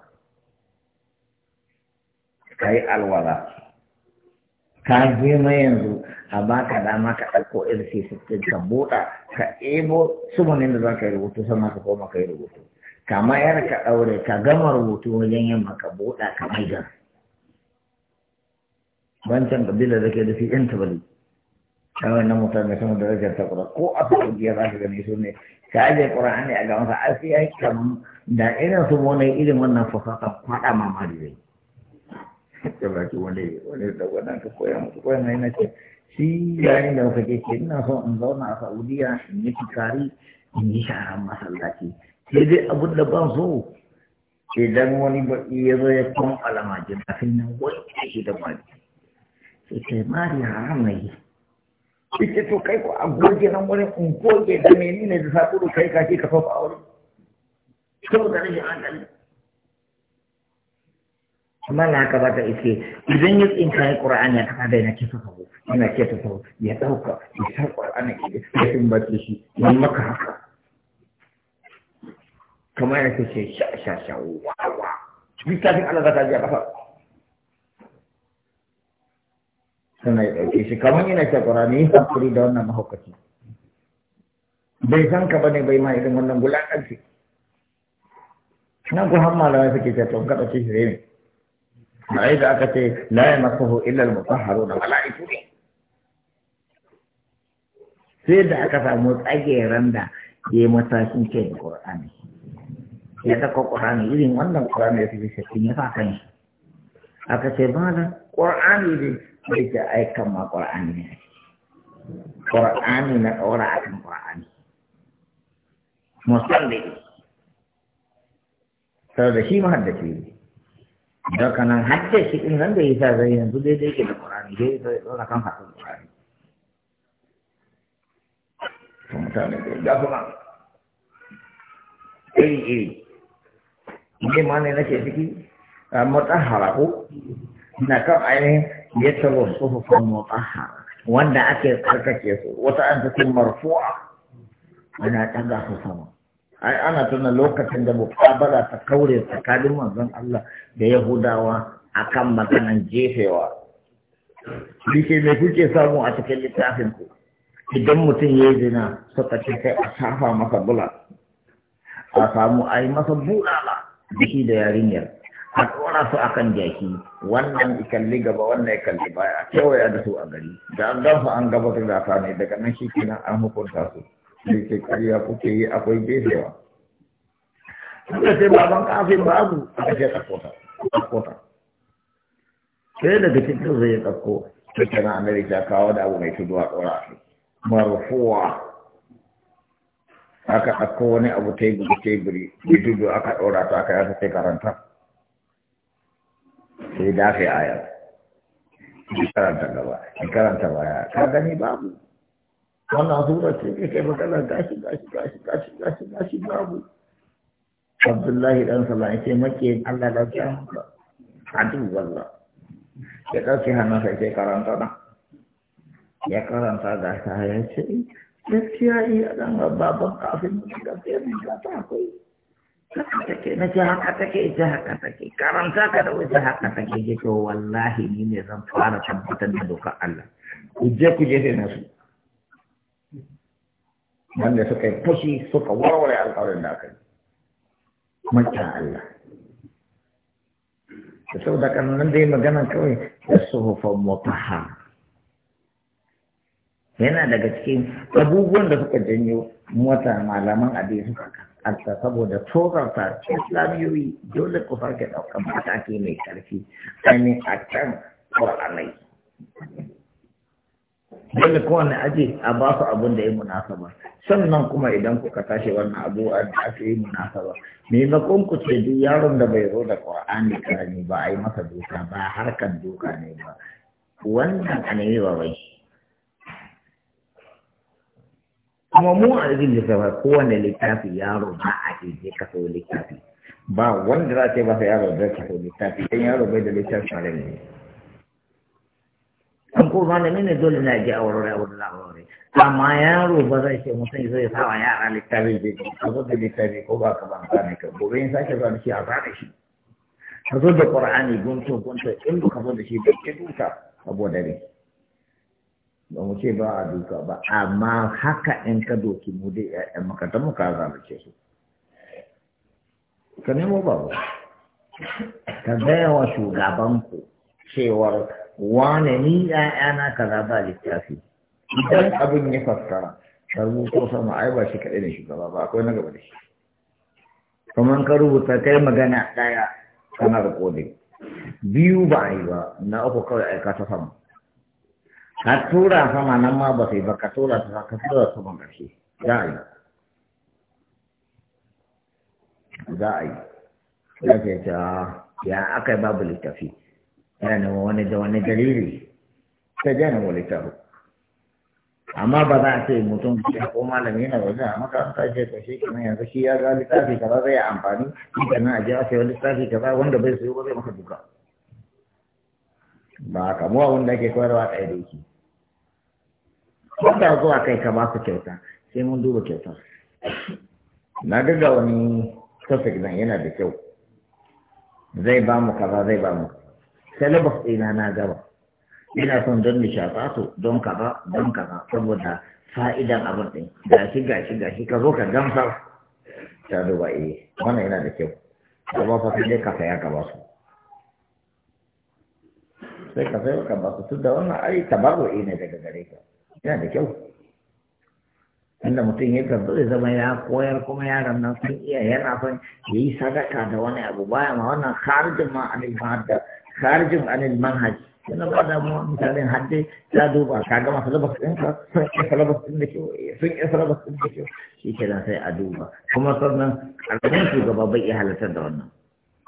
ka yi alwala ka je ma yanzu a baka dama ka ɗauko sai sittin ka buɗa ka ebo sumanin da za ka yi rubutu sannan ka koma ka yi rubutu ka mayar ka ɗaure ka gama rubutu wajen yamma ka buɗa ka maida wancan ƙabilar da ke da fi yan tabali kawai na mutane da da darajar ta kura ko a saudiya za ka gani su ne ka ajiye ne a gaban a fi yi kamun da irin su mone irin wannan fasaka kwaɗa mamari zai ya baki wani wani da wannan ka koya musu koya mai na ce shi yayin da kuka ke ina so in zauna a saudiya in yi fikari in yi sharan masallaci sai dai abin da ba so idan wani baki ya zo ya kwan alamajin kafin nan ya shi da baki sai yi mari haram na yi ita to kai ko a goge nan wani, in goge da nina da sabulu kai kake ka fafa sau da rashin hankali amma na haka ba ta iske idan ya tsin kayan ƙura'an ya kasa daina kisa kawo yana kisa kawo ya ɗauka ya sa ƙura'ani ya ta shi ya maka haka kamar yana ce sha sha sha wawa littafin Allah za ta ji a kafa sannan ya ɗauke shi kamar yana ce ƙorani yin hankali da wannan mahaukaci bai san ka bane bai ma irin wannan gulaƙanci nan ko har malamai suke ce to kada ce shi ne A ai da aka ce la ya masahu illa al-mutahharuna mala'iku ne sai da aka samu tsageren da ya yi matashin ke da Qur'ani ya saka ƙur'ani irin wannan ƙur'ani ya fi shakin ya sa kan shi aka ce ba da ƙur'ani ne bai ce aikan ma ƙur'ani ne ƙur'ani na ɗaura a kan da yi sau da shi mahaddaci ne da kanan shi ɗin nan da sa zai yanzu daidai ke da ƙur'ani dai zai ɗaura kan hakan ƙur'ani mutane da ya iri iri ne ma ne nake ciki ah, mutahara ko na kan ainihin ya tsofaffin mutahara wanda ake tsarkake su wata an tafi marfu'a ana ɗaga su sama ai ana tuna lokacin da mukabala ta kaure tsakanin manzon Allah da Yahudawa akan maganan jefewa Dike me kuke samu a cikin littafin ku idan mutum ya zina suka ce kai a shafa masa bula a samu a yi masa bulala jiki da yarinyar har tsora su akan jaki wannan ikalli gaba wannan ikalli baya a kewaya da su a gari da an gafa an gabatar da ta ne daga nan shi kenan an hukunta su sai ke karya kuke yi akwai gefewa suka ce baban kafin babu aka ce ɗakkota ɗakkota sai daga cikin zai ɗakko ta tana amerika kawo da abu mai tudu a ɗora su marfuwa aka ɗauko wani abu teburi teburi bidudu aka ɗora ta aka yasa sai karanta sai da aka yi ayar karanta gaba in karanta baya ka gani babu wannan sura ce ke kai magana gashi gashi gashi gashi gashi gashi babu abdullahi dan salam ce make Allah da ta hadu wallah ya dauke hannun sai karanta da ya karanta da ta ya ce gaskiya iya dan baban kafin gaskiya ne ka ta akwai haka take na ce haka take ita haka take karanta ka da wuce haka take ke to wallahi ni ne zan fara tabbatar da dokar Allah ku je ku je sai nasu wanda suka yi fushi suka warware alƙawarin da aka yi mata Allah da saboda kan nan dai magana kawai da suhufan mutahara yana daga cikin abubuwan da suka janyo mota malaman abin suka saboda tsoronta islamiyoyi dole ku farke daukan mataki mai karfi ainihin a can ƙwararrai dole kowane aji a ba su abin da ya munasaba sannan kuma idan kuka tashi wannan abu a da aka yi munasaba maimakon ku ce duk yaron da bai zo da ƙwar'ani karami ba a yi masa doka ba harkar doka ne ba wannan a nemi kuma mu a cikin littafi kowane littafi yaro ba a je ka littafi ba wanda za ce ba sa yaro da ka littafi kan yaro bai da littafi malami ne an ko da ne dole na je aure aure a aure amma yaro ba zai ce mutum zai sa wa yara littafi zai ce ka zo da littafi ko ba ka ba ka ne ka gobe in sake zuwa da shi a zaɗa shi ka zo da ƙur'ani gunto gunto in ka zo da shi da ke duka saboda ne ba mu ce ba a duka ba amma haka in ka doki mu dai ƴaƴan makaranta mu ka zalunce su ka nemo ba ba ka gaya wa shugaban ku cewar wane ni ƴaƴana za ba littafi idan abin ya fassara ka rubuto sama ai ba shi kaɗai ne shugaba ba akwai na gaba da shi kuma ka rubuta kai magana ɗaya kana rikodin biyu ba a yi ba na uku kawai aika ta sama ka tura sama nan ma ba sai ba ka tura ta ka tura sama ƙarshe za a yi za a yi ya ce ta ya aka yi babu littafi yana neman wani da wani dalili ta jana wa littafi amma ba za a ce mutum ko malami yana wajen a makaranta ce ta shi kuma yanzu shi ya ga littafi kaza zai yi amfani shi ka nan a je a sayo littafi kaza wanda bai su sayo ba zai maka duka ba kamuwa wanda ake koyarwa ɗaya da yake ko da zuwa kai ka ba su kyauta sai mun duba kyautar na ga ga wani topic nan yana da kyau zai ba mu kaza zai ba mu syllabus ina na gaba ina son don shafa to don kaza don kaza saboda fa'idan abin ɗin gashi gashi gashi ka zo ka gamsar ta duba eh wannan yana da kyau ka ba fa sai dai ka saya ka ba su sai ka saya ka ba su tun da wannan ai tabarru'i ne daga gare ka yana da kyau inda mutum ya karɓi zai zama ya koyar kuma yaran nan sun iya yana son ya yi sadaka da wani abu baya ma wannan kharijin ma anil manhaj kharijin anil manhaj yana ba da mu misalin hadde ta duba ka gama masu labas ɗin ka sun iya salabas ɗin da kyau eh, sun iya salabas da kyau shi ke sai a duba kuma sannan ƙaramin shugaba bai iya halartar da wannan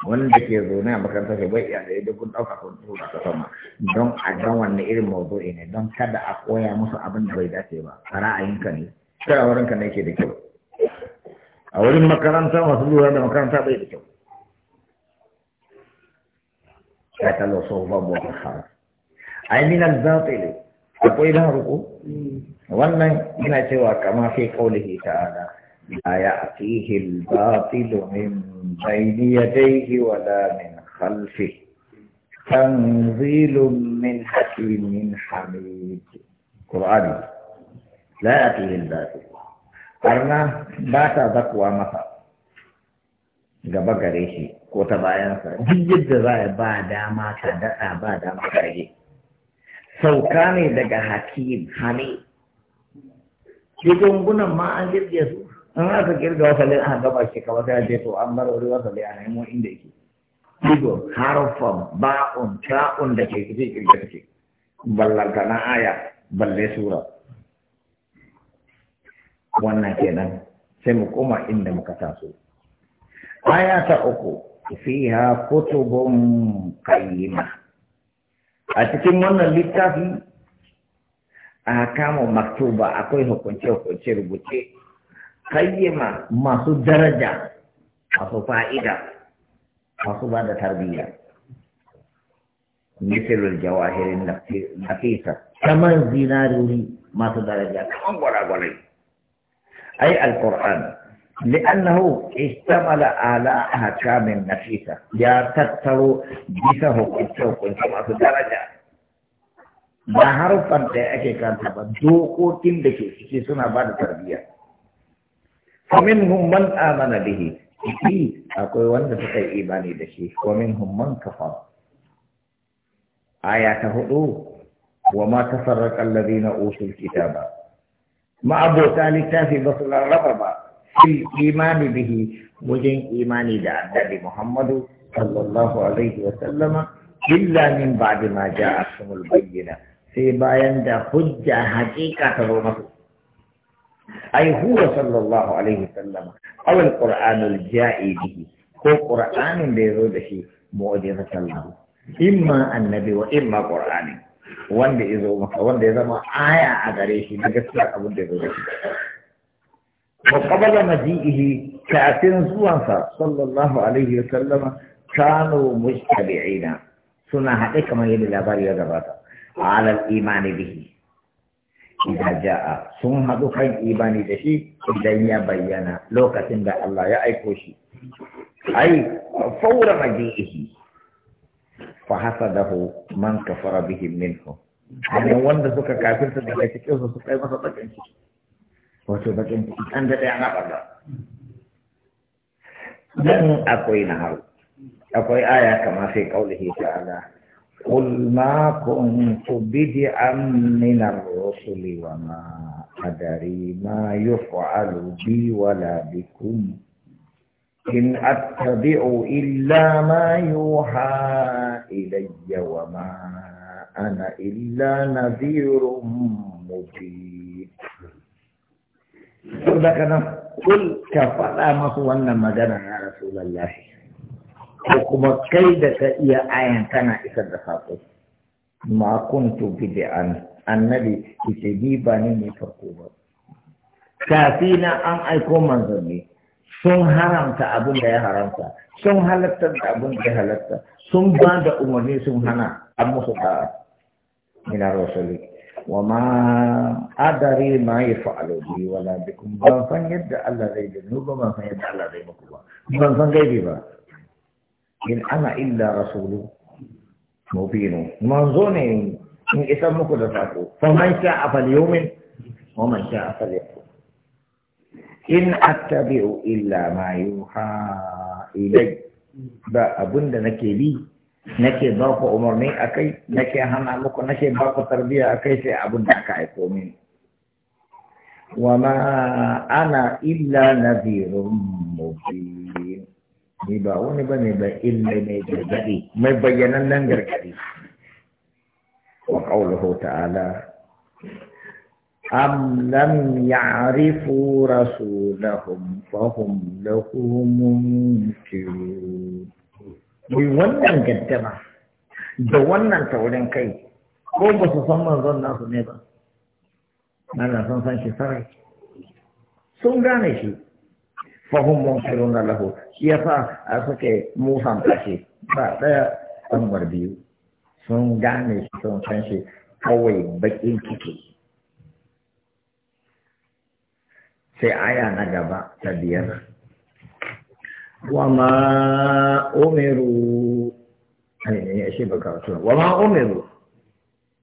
wanda ke zaune a makarantar shi bai iyalai da kun ɗauka kun tura ka sama don a ga wanne irin mawdu'i ne don kada a koya musu abin da bai dace ba a ra'ayinka ne kada ka ne ke da kyau a wurin makaranta masu lura da makaranta bai da kyau ya talo so babu ta hara ai min al-zatil akwai na ruku hmm. wannan ina cewa kama sai qaulihi ta'ala لا يأتيه الباطل من بين يديه ولا من خلفه تنزيل من حكيم حميد قرآن لا يأتيه الباطل أرنا باتا ذكوى مثلا gaba gare shi ko ta bayansa duk yadda za a ba dama ka daɗa ba dama ka rage sauka ne daga hakim Hami. ke gungunan ma an jirge su in aka kirga lai aka gaba shi kawai ta je to an bar wani lai a nemo inda yake digo harfan ba'un ta'un da ke cikin kirga take ka na aya balle sura wannan kenan sai mu koma inda muka taso aya ta uku fiha kutubun qayyima a cikin wannan littafi a kama maktuba akwai hukunce hukunce rubuce kayyama masu daraja masu fa'ida masu ba da tarbiyya misalul jawahirin nafisa kamar zinarori masu daraja kamar gwalagwalai ai alkur'an nafisa. Ya tattaro bisa نفيسة يا masu daraja. ba كما da ake ما حرفا تأكي كانت دوكو تندكي في سنة بعد tarbiyya. ومنهم من آمن به في إيه، أقول وأن تكي إيماني دشي ومنهم من كفر آيات هدو وما تفرق الذين أوتوا الكتاب ما أبو ثالثا تافي بصل الربا في الإيمان به وجن إيماني لعبد محمد صلى الله عليه وسلم إلا من بعد ما جاءتهم البينة في باين حجة حقيقة ترومته ai huwa sallallahu alaihi sallama awal qur'anul ja'i bihi ko qur'anin da yazo da shi mu'jiza sallahu imma annabi wa imma qur'ani wanda yazo maka wanda ya zama aya a gare shi daga cikin abin da yazo da shi wa qabala maji'ihi kafin zuwansa sallallahu alaihi wa sallama kanu mujtabi'ina suna haɗe kamar yadda labari ya gabata alal imani bihi idan ja'a sun hadu kan imani da shi idan ya bayyana lokacin da Allah ya aiko shi ai fawra majihi fa hasadahu man kafara bihi minhu ne wanda suka kafirta kai cikin su kai masa bakin shi wato bakin shi an da ya naba ba dan akwai na hau. akwai aya kamar sai kaulihi ta Allah قل ما كنت بدعا من الرسل وما أدري ما يفعل بي ولا بكم إن أتبع إلا ما يوحى إلي وما أنا إلا نذير مبين قل كفر ما هو أن مدنا يا رسول الله ko kuma kai da ka iya ayan tana isar da saƙo ma kuntu an annabi yace bi ba ni ne farko ba na an aiko manzanni sun haramta abin da ya haramta sun halatta da abin da ya halatta sun ba da umarni sun hana an musu ta ina rasuli wa ma adari ma ya fa'alo bi wala bikum ban san yadda Allah zai da ba ban san yadda Allah zai muku ba ban san gaibi ba in ana illa rasulu mubinu manzo ne in isa muku da sako fa man sha afal yawmin wa man sha'a falyakfur in attabi'u illa ma yuha ilai ba abunda nake bi nake ba ku umarni akai nake hana muku nake ba ku tarbiya akai sai abin da aka aiko min wa ma ana illa nadhirun mubin ni ba wani ne ba illai mai gargadi mai bayyanan nan gargadi wa qawluhu ta'ala am lam ya'rifu rasulahum fa hum lahu munkirun ni wannan gaddama da wannan taurin kai ko ba su san manzon nasu ne ba ana son san shi sarai sun gane shi fahim munkiruna lahu shi yasa a suke musan kashe ba daya lambar biyu sun gane shi sun san shi kawai bakin ciki sai aya na gaba ta biyar wama umiru ne ya shi baka wasu wama umiru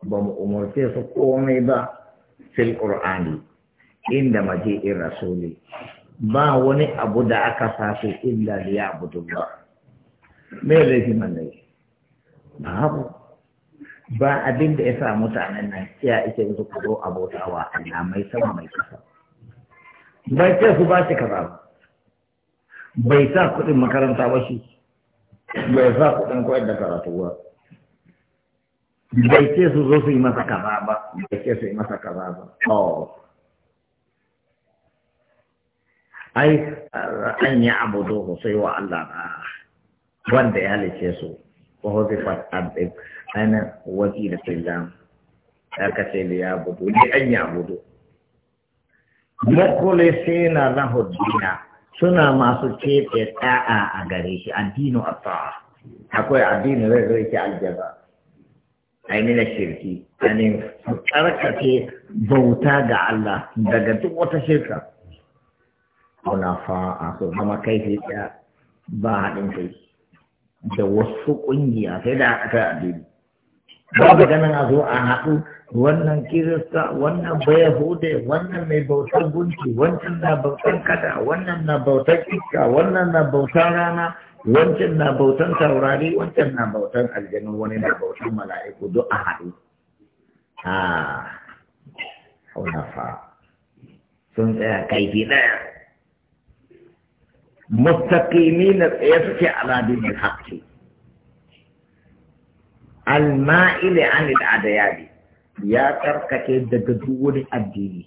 ba mu umarce su komai ba fil qur'ani inda maji'in rasuli ba wani abu da aka safe illa da ya abu ba mai fi mallai ba abu ba abin da ya sa mutanen nan ya ita yanzu ku zo abotawa Allah mai sama mai kasa bai ce su ba shi kaza ba bai sa kuɗin makaranta ba shi bai sa kuɗin koyar da karatu ba bai ce su zo su yi masa kaza ba bai ce su yi masa kaza ba oh. ai an yi abu dogo sai wa Allah na wanda ya halice su wa huzifat abin ana wazi da tilam ya kace da ya budu ne an yi abu sai na lahuddina suna masu kefe ta'a a gare shi addinu a ta'a akwai addinu da zai ke aljaba ainihin shirki ainihin su tsarkake bauta ga Allah daga duk wata shirka a su zama kai sai ɗaya ba haɗin kai da wasu ƙungiya sai da aka ta addini ba ga ganin a zo a haɗu wannan kirista wannan bayahude wannan mai bautar gunki wannan na bautar kada wannan na bautar iska wannan na bautar rana wancan na bautan taurari wancan na bautan aljanu wani na bautan mala'iku duk a haɗu ah, a fa sun tsaya kaifi ɗaya mustaqimina ya suke a dinin haƙƙi alma'ili an da ya ya karkace daga duk wani addini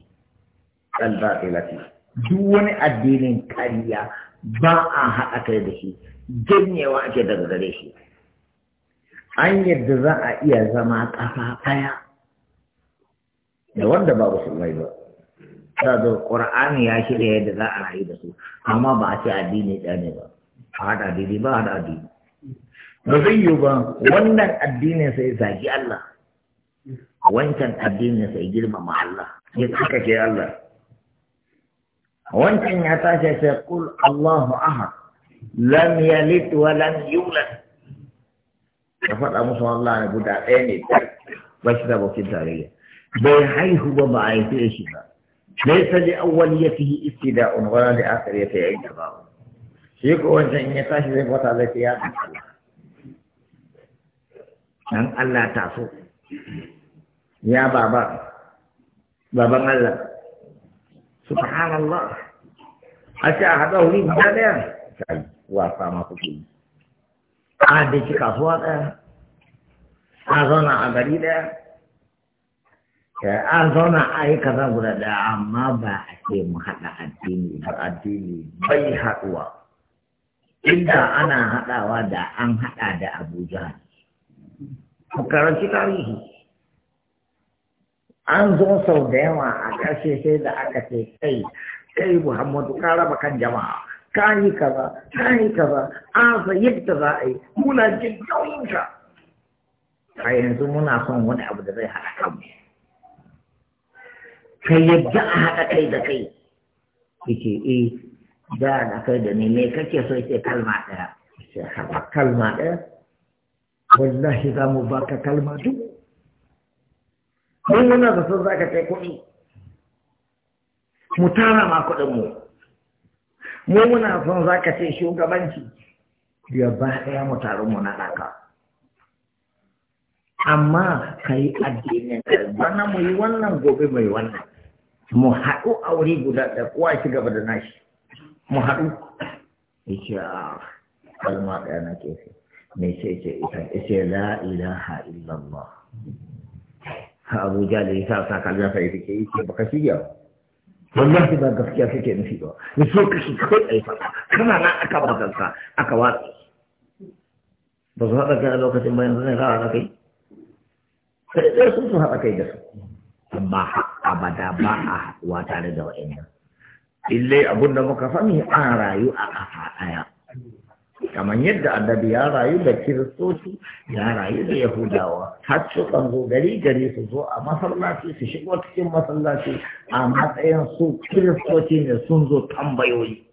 ƙalba duk wani addinin ƙarya ba a haɗa kai da shi janyewa ake daga gare shi an yadda za a iya zama ƙasa ɗaya da wanda ba musulmai ba هذا القرآن يا شيخ هذا أنا هيدا سو أما باشا الدين يعني با هذا الدين با هذا الدين نزيه با وانك الدين سيزاجي الله وانك الدين سيجيل ما الله يتحكى يا الله وانك يتاشى سيقول الله أهد لم يلد ولم يولد kafada musu Allah ne guda ɗaya ne ba shi da bakin tarayya bai haihu ba ba a yi fiye shi ba ليس لأوليته ابتداء ولا لآخريته انقضاء شيخ وانت إن يتاشي زي بطا لك يا أن الله تعفو يا بابا بابا ملا سبحان الله أشاهده لي بجانب kai wasa ma kuke yi a da shi kasuwa ɗaya Eh, an zauna ayi kaza guda ɗaya amma ba a ce mu haɗa addini ba addini bai haɗuwa inda ana haɗawa da an haɗa da abuja ku karanci tarihi an zo sau da yawa a ƙarshe sai da aka ce kai kai muhammadu ka raba kan jama'a ka yi kaza ka yi kaza an sa yadda za a yi muna jin nauyinka a yanzu muna son wani abu da zai haɗa kanmu ka yadda a haɗa kai da kai kike eh da na kai da ni me kake so sai kalma ɗaya sai haɓa kalma ɗaya wallahi za mu baka kalma duk mun yana da son za ka kai kuɗi mu tara ma kuɗin mu muna son za ka ce shugabanci ya ba ɗaya mu taru mu na ɗaka amma ka yi addinin bana mu yi wannan gobe mai wannan mu haɗu a wuri guda da kowa shi gaba da nashi mu haɗu yace a ah, kalma ɗaya na ke sai me ce ce ita ce la ilaha illallah ha abuja da ya sa sa kalma sai yake yake baka shirya wallahi ba gaskiya kake nufi ba ni so ka shi kai ai fa kana na aka ba kanka aka watsa ba su haɗa kai a lokacin bayan zane ra'a na kai sai sun su haɗa kai da su amma abada ba a haɗuwa tare da wa'annan illai abun da muka sani an rayu a ƙasa ɗaya kamar yadda annabi ya rayu da kiristoci ya rayu da yahudawa har su kan zo gari gari su zo a masallaci su shigo cikin masallaci a matsayin su kiristoci ne sun zo tambayoyi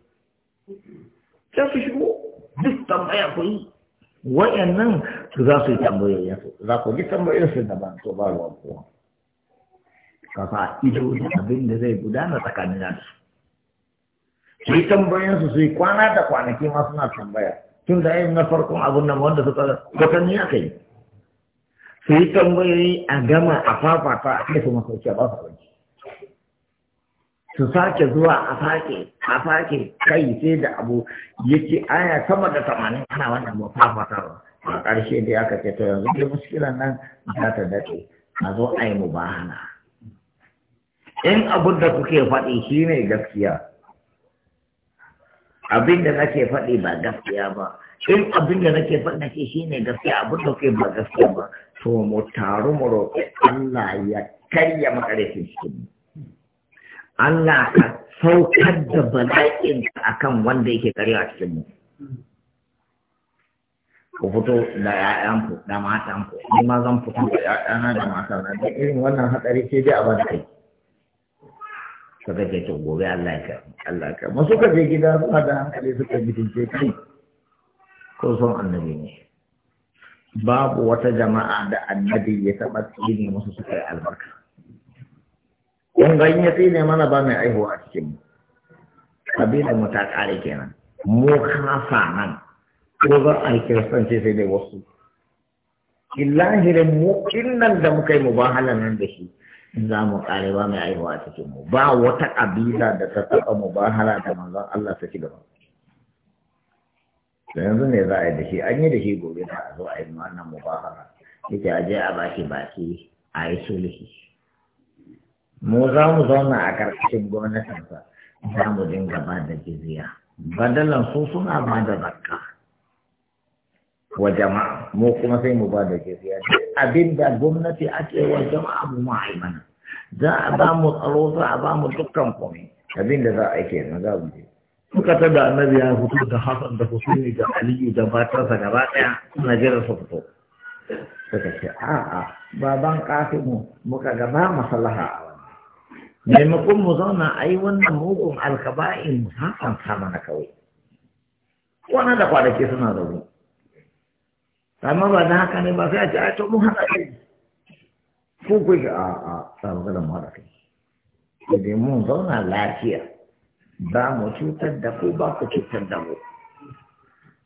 sai su shigo duk tambaya ku yi wa'annan su za su yi tambayoyin su za ku ji tambayoyin su daban to ba ruwan kowa ka sa ido da abin da zai gudana tsakanin su su yi tambayoyin su su yi kwana da kwanaki ma suna tambaya tun da yin na farkon abun nan wanda suka kwatanni aka yi su yi tambayoyi a gama a fafata a kai su masauki a ba su abinci su sake zuwa a sake a sake kai sai da abu yake aya sama da tamanin ana wannan ba a ƙarshe da aka ce to yanzu dai muskilan nan za ta daɗe a zo a yi mubahana in abin da kuke faɗi ne gaskiya abin da nake faɗi ba gaskiya ba in abin da nake faɗi shi ne gaskiya abin da kuke ba gaskiya ba to mu taru mu roƙi Allah ya karya makarefin cikin mu Allah ka saukar da bala'in kan wanda yake kare a cikin mu ku fito da 'ya'yanku da matanku ni ma zan fito da 'ya'yana da matana da irin wannan hatsari ce dai a bar kai suka ce to gobe Allah ka Allah ka mu suka je gida suna da hankali suka bitince kai ko son annabi ne babu wata jama'a da annabi ya taɓa tsini musu suka yi albarka in ganyatsi ne mana ba mai aihuwa a cikin mu kabilar mu ta kare kenan mu kafa nan ko za a yi sai dai wasu illahirin mu nan da muka yi mu ba nan da shi za mu kare ba mai aihuwa a cikin mu ba wata kabila da ta taba mu ba da manzon Allah ta ci gaba yanzu ne za a yi da shi an yi da shi gobe ta a zo a yi wannan mubahala yake aje a baki baki a yi sulhi mu za mu zauna a ƙarƙashin gwamnatinsa za mu dinga ba da jizya badalan su suna ba da zakka wa jama'a mu kuma sai mu ba da jizya abin da gwamnati ake wa jama'a mu ma mana. za a ba mu tsaro za a ba mu dukkan komai abin da za a ke na za mu je suka ta da annabi ya fito da hasan da husaini da aliyu da matarsa gaba ɗaya suna jira su fito suka ce a'a baban kafin mu muka gaba masalaha. a maimakon mu zauna a yi wannan mugun alkaba'in hakan mana kawai wannan da kwanaki suna zaune amma ba da haka ne ba sai a ce ai to mun haɗa kai ko ku a a samu kada mu haɗa kai sai mun zauna lafiya ba mu cutar da ku ba ku cutar da mu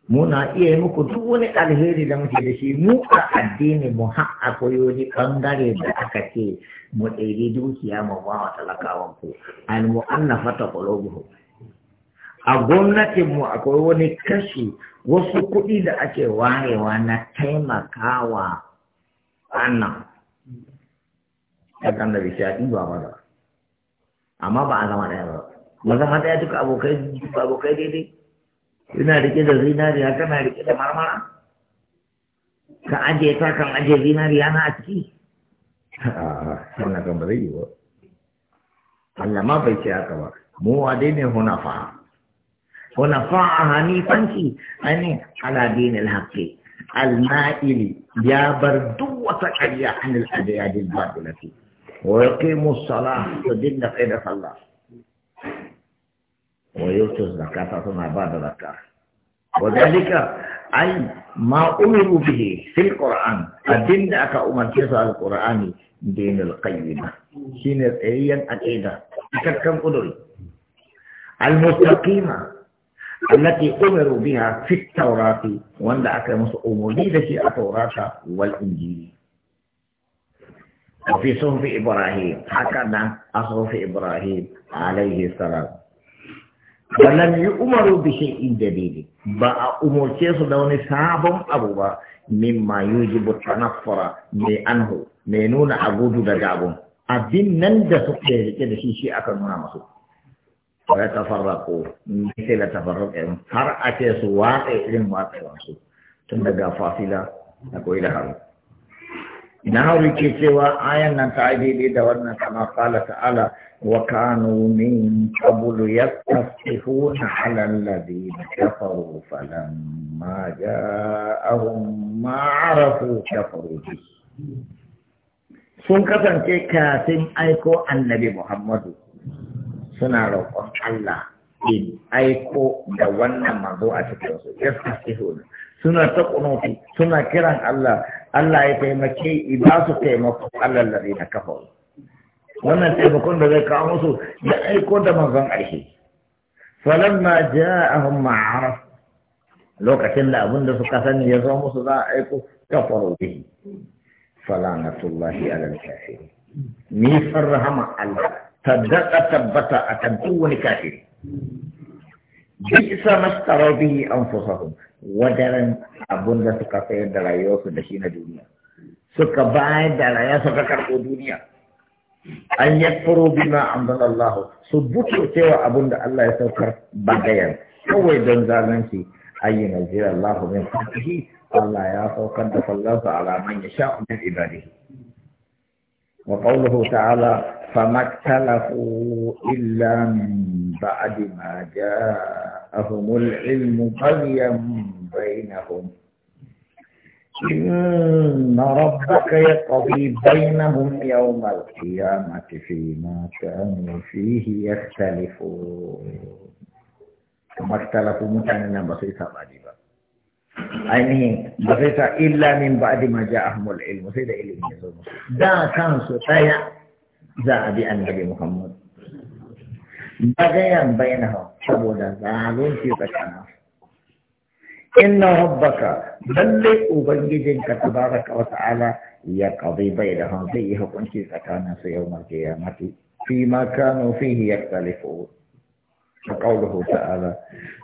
muna iya yi muku duk wani alheri da muke da shi mu a addini mu har akwai wani bangare da aka ce mu ɗairi dukiya mu ba wa talakawan ku an na ta kwalobu a gwamnatin mu akwai wani kashi wasu kuɗi da ake warewa na taimakawa annan ya kan da bishiya ɗiba ba da amma ba a zama ɗaya ba ba zama ɗaya duka abokai abokai daidai ina rike da zinariya kana rike da marmara ka aje ta kan aje zinariya na a ciki wannan kan ba zai yi ba Allah ma bai ce haka ba mu wa dai ne hunafa hunafa a hanifanci ani ala dinil haqqi al-ma'ili ya bar duk wata ƙarya anil adiyadil batilati wa ya yaqimu as-salata dinna da sallah ويؤتوا الزكاة ثم بعد ذكر وذلك أي ما أمروا به في القرآن الدين لك أمر كيسا القرآن دين القيمة سينة أيا الإيدة كم قدري المستقيمة التي أمروا بها في التوراة وأن لك أمري لشيء التوراة والإنجيل وفي صحف إبراهيم هكذا أصحف إبراهيم عليه السلام balan yi umaru bi shay in dalili ba a umarce su da wani sabon abu ba mimma yujibu tanaffara me anhu me nuna agudu da gabon abin nan da su ke rike da shi shi aka nuna masu ya tafarraku ne sai la tafarraku har a ce su watsa irin watsa su tun daga fasila akwai da haru ina hauri ke cewa ayan nan ta yi daidai da wannan kama kala ta'ala wa kanu min qablu da ala alladhina kafaru falam ma ja'ahum ma arafu kafaru sun kasance kafin aiko annabi muhammadu suna roƙon allah in aiko da wannan mazo a cikinsu yastahuna suna ta suna kiran allah Allah ya taimake ba su taimako Allah lari na kafa wannan taimakon da zai kawo musu ya aiko da manzon ƙarshe falamma ja'ahum ma'araf lokacin da abin da suka sani ya zo musu za a aiko kafaru bihi falanatullahi ala kafirin ni farrahama Allah tadaka tabbata akan duk wani kafiri bisa mastarau bihi anfusahum wadaran abun da suka sayar da rayuwarsu da shi na duniya suka bayar da rayuwa suka karɓo duniya an yakfuru bima anzalallahu su buke cewa abun da Allah ya saukar bagayan kawai don zalunci ayyin azira Allah min fatihi Allah ya saukar da sallarsa ala man yasha'u min ibadihi wa qawluhu ta'ala فما اختلفوا إلا من بعد ما جاءهم العلم بغيا بينهم إن ربك يقضي بينهم يوم القيامة فيما كانوا فيه يختلفون فما اختلفوا متعنى بسيطة بعدها
يعني
ba إلا من بعد ما جاءهم العلم ja'ahumul ilmu sai da ilimi ya جاء بأن النبي محمد بغيان بينهم شبودا زعمون في بكنا إن ربك بلي وبنجدك تبارك وتعالى يقضي بينهم في حكم في بكنا في يوم القيامة فيما كانوا فيه يختلفون فقوله تعالى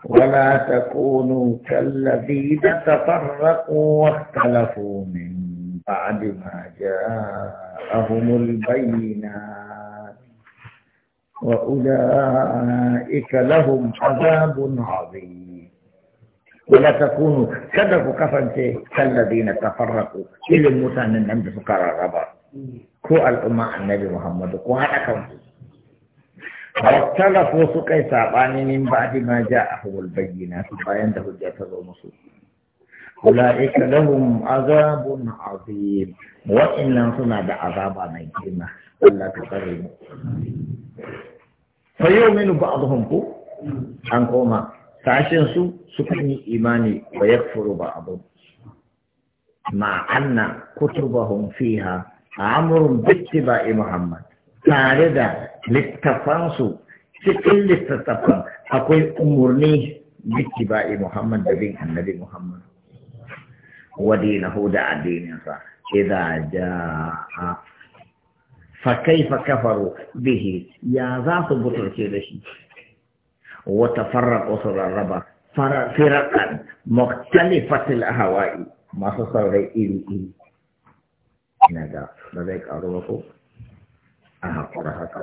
ولا تكونوا كالذين تفرقوا واختلفوا من بعد ما جاءهم البينات وأولئك لهم عذاب عظيم ولا تكونوا كذبوا كفن كالذين تفرقوا إلى موسى من عند فقراء ربا كو الأمة النبي محمد كو هذا كنتم واختلفوا سكي من بعد ما جاءهم البينات باين ده جاء أولئك لهم عذاب عظيم وإن لم سنع بعذاب نجيمة ألا تقرم فيؤمن بعضهم كو أنكما فعشان سو سكني إيماني ويكفر بعضهم مع أن كتبهم فيها عمر باتباع محمد تعرض للتفانسو cikin للتفان أقول أمرني biki محمد Muhammad da bin ودينه دع الدين إذا جاء فكيف كفروا به يا ذات بطرس لشي وتفرق وصل الربا فرقا مختلفة الأهواء ما صار إلي إلي ina da ba zai karu ba ko a haƙura haka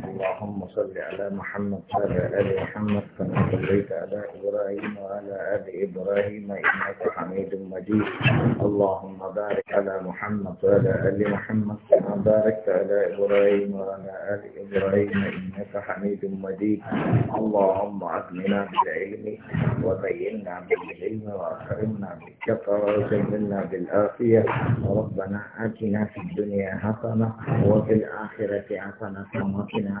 اللهم صل على محمد وعلى آل محمد كما صليت على إبراهيم وعلى آل إبراهيم إنك حميد مجيد اللهم بارك على محمد وعلى آل محمد كما باركت على إبراهيم وعلى آل إبراهيم إنك حميد مجيد اللهم اكرمنا بالعلم وزيننا بالعلم وأكرمنا بالكفر وزيننا بالعافية ربنا آتنا في الدنيا حسنة وفي الآخرة حسنة وقنا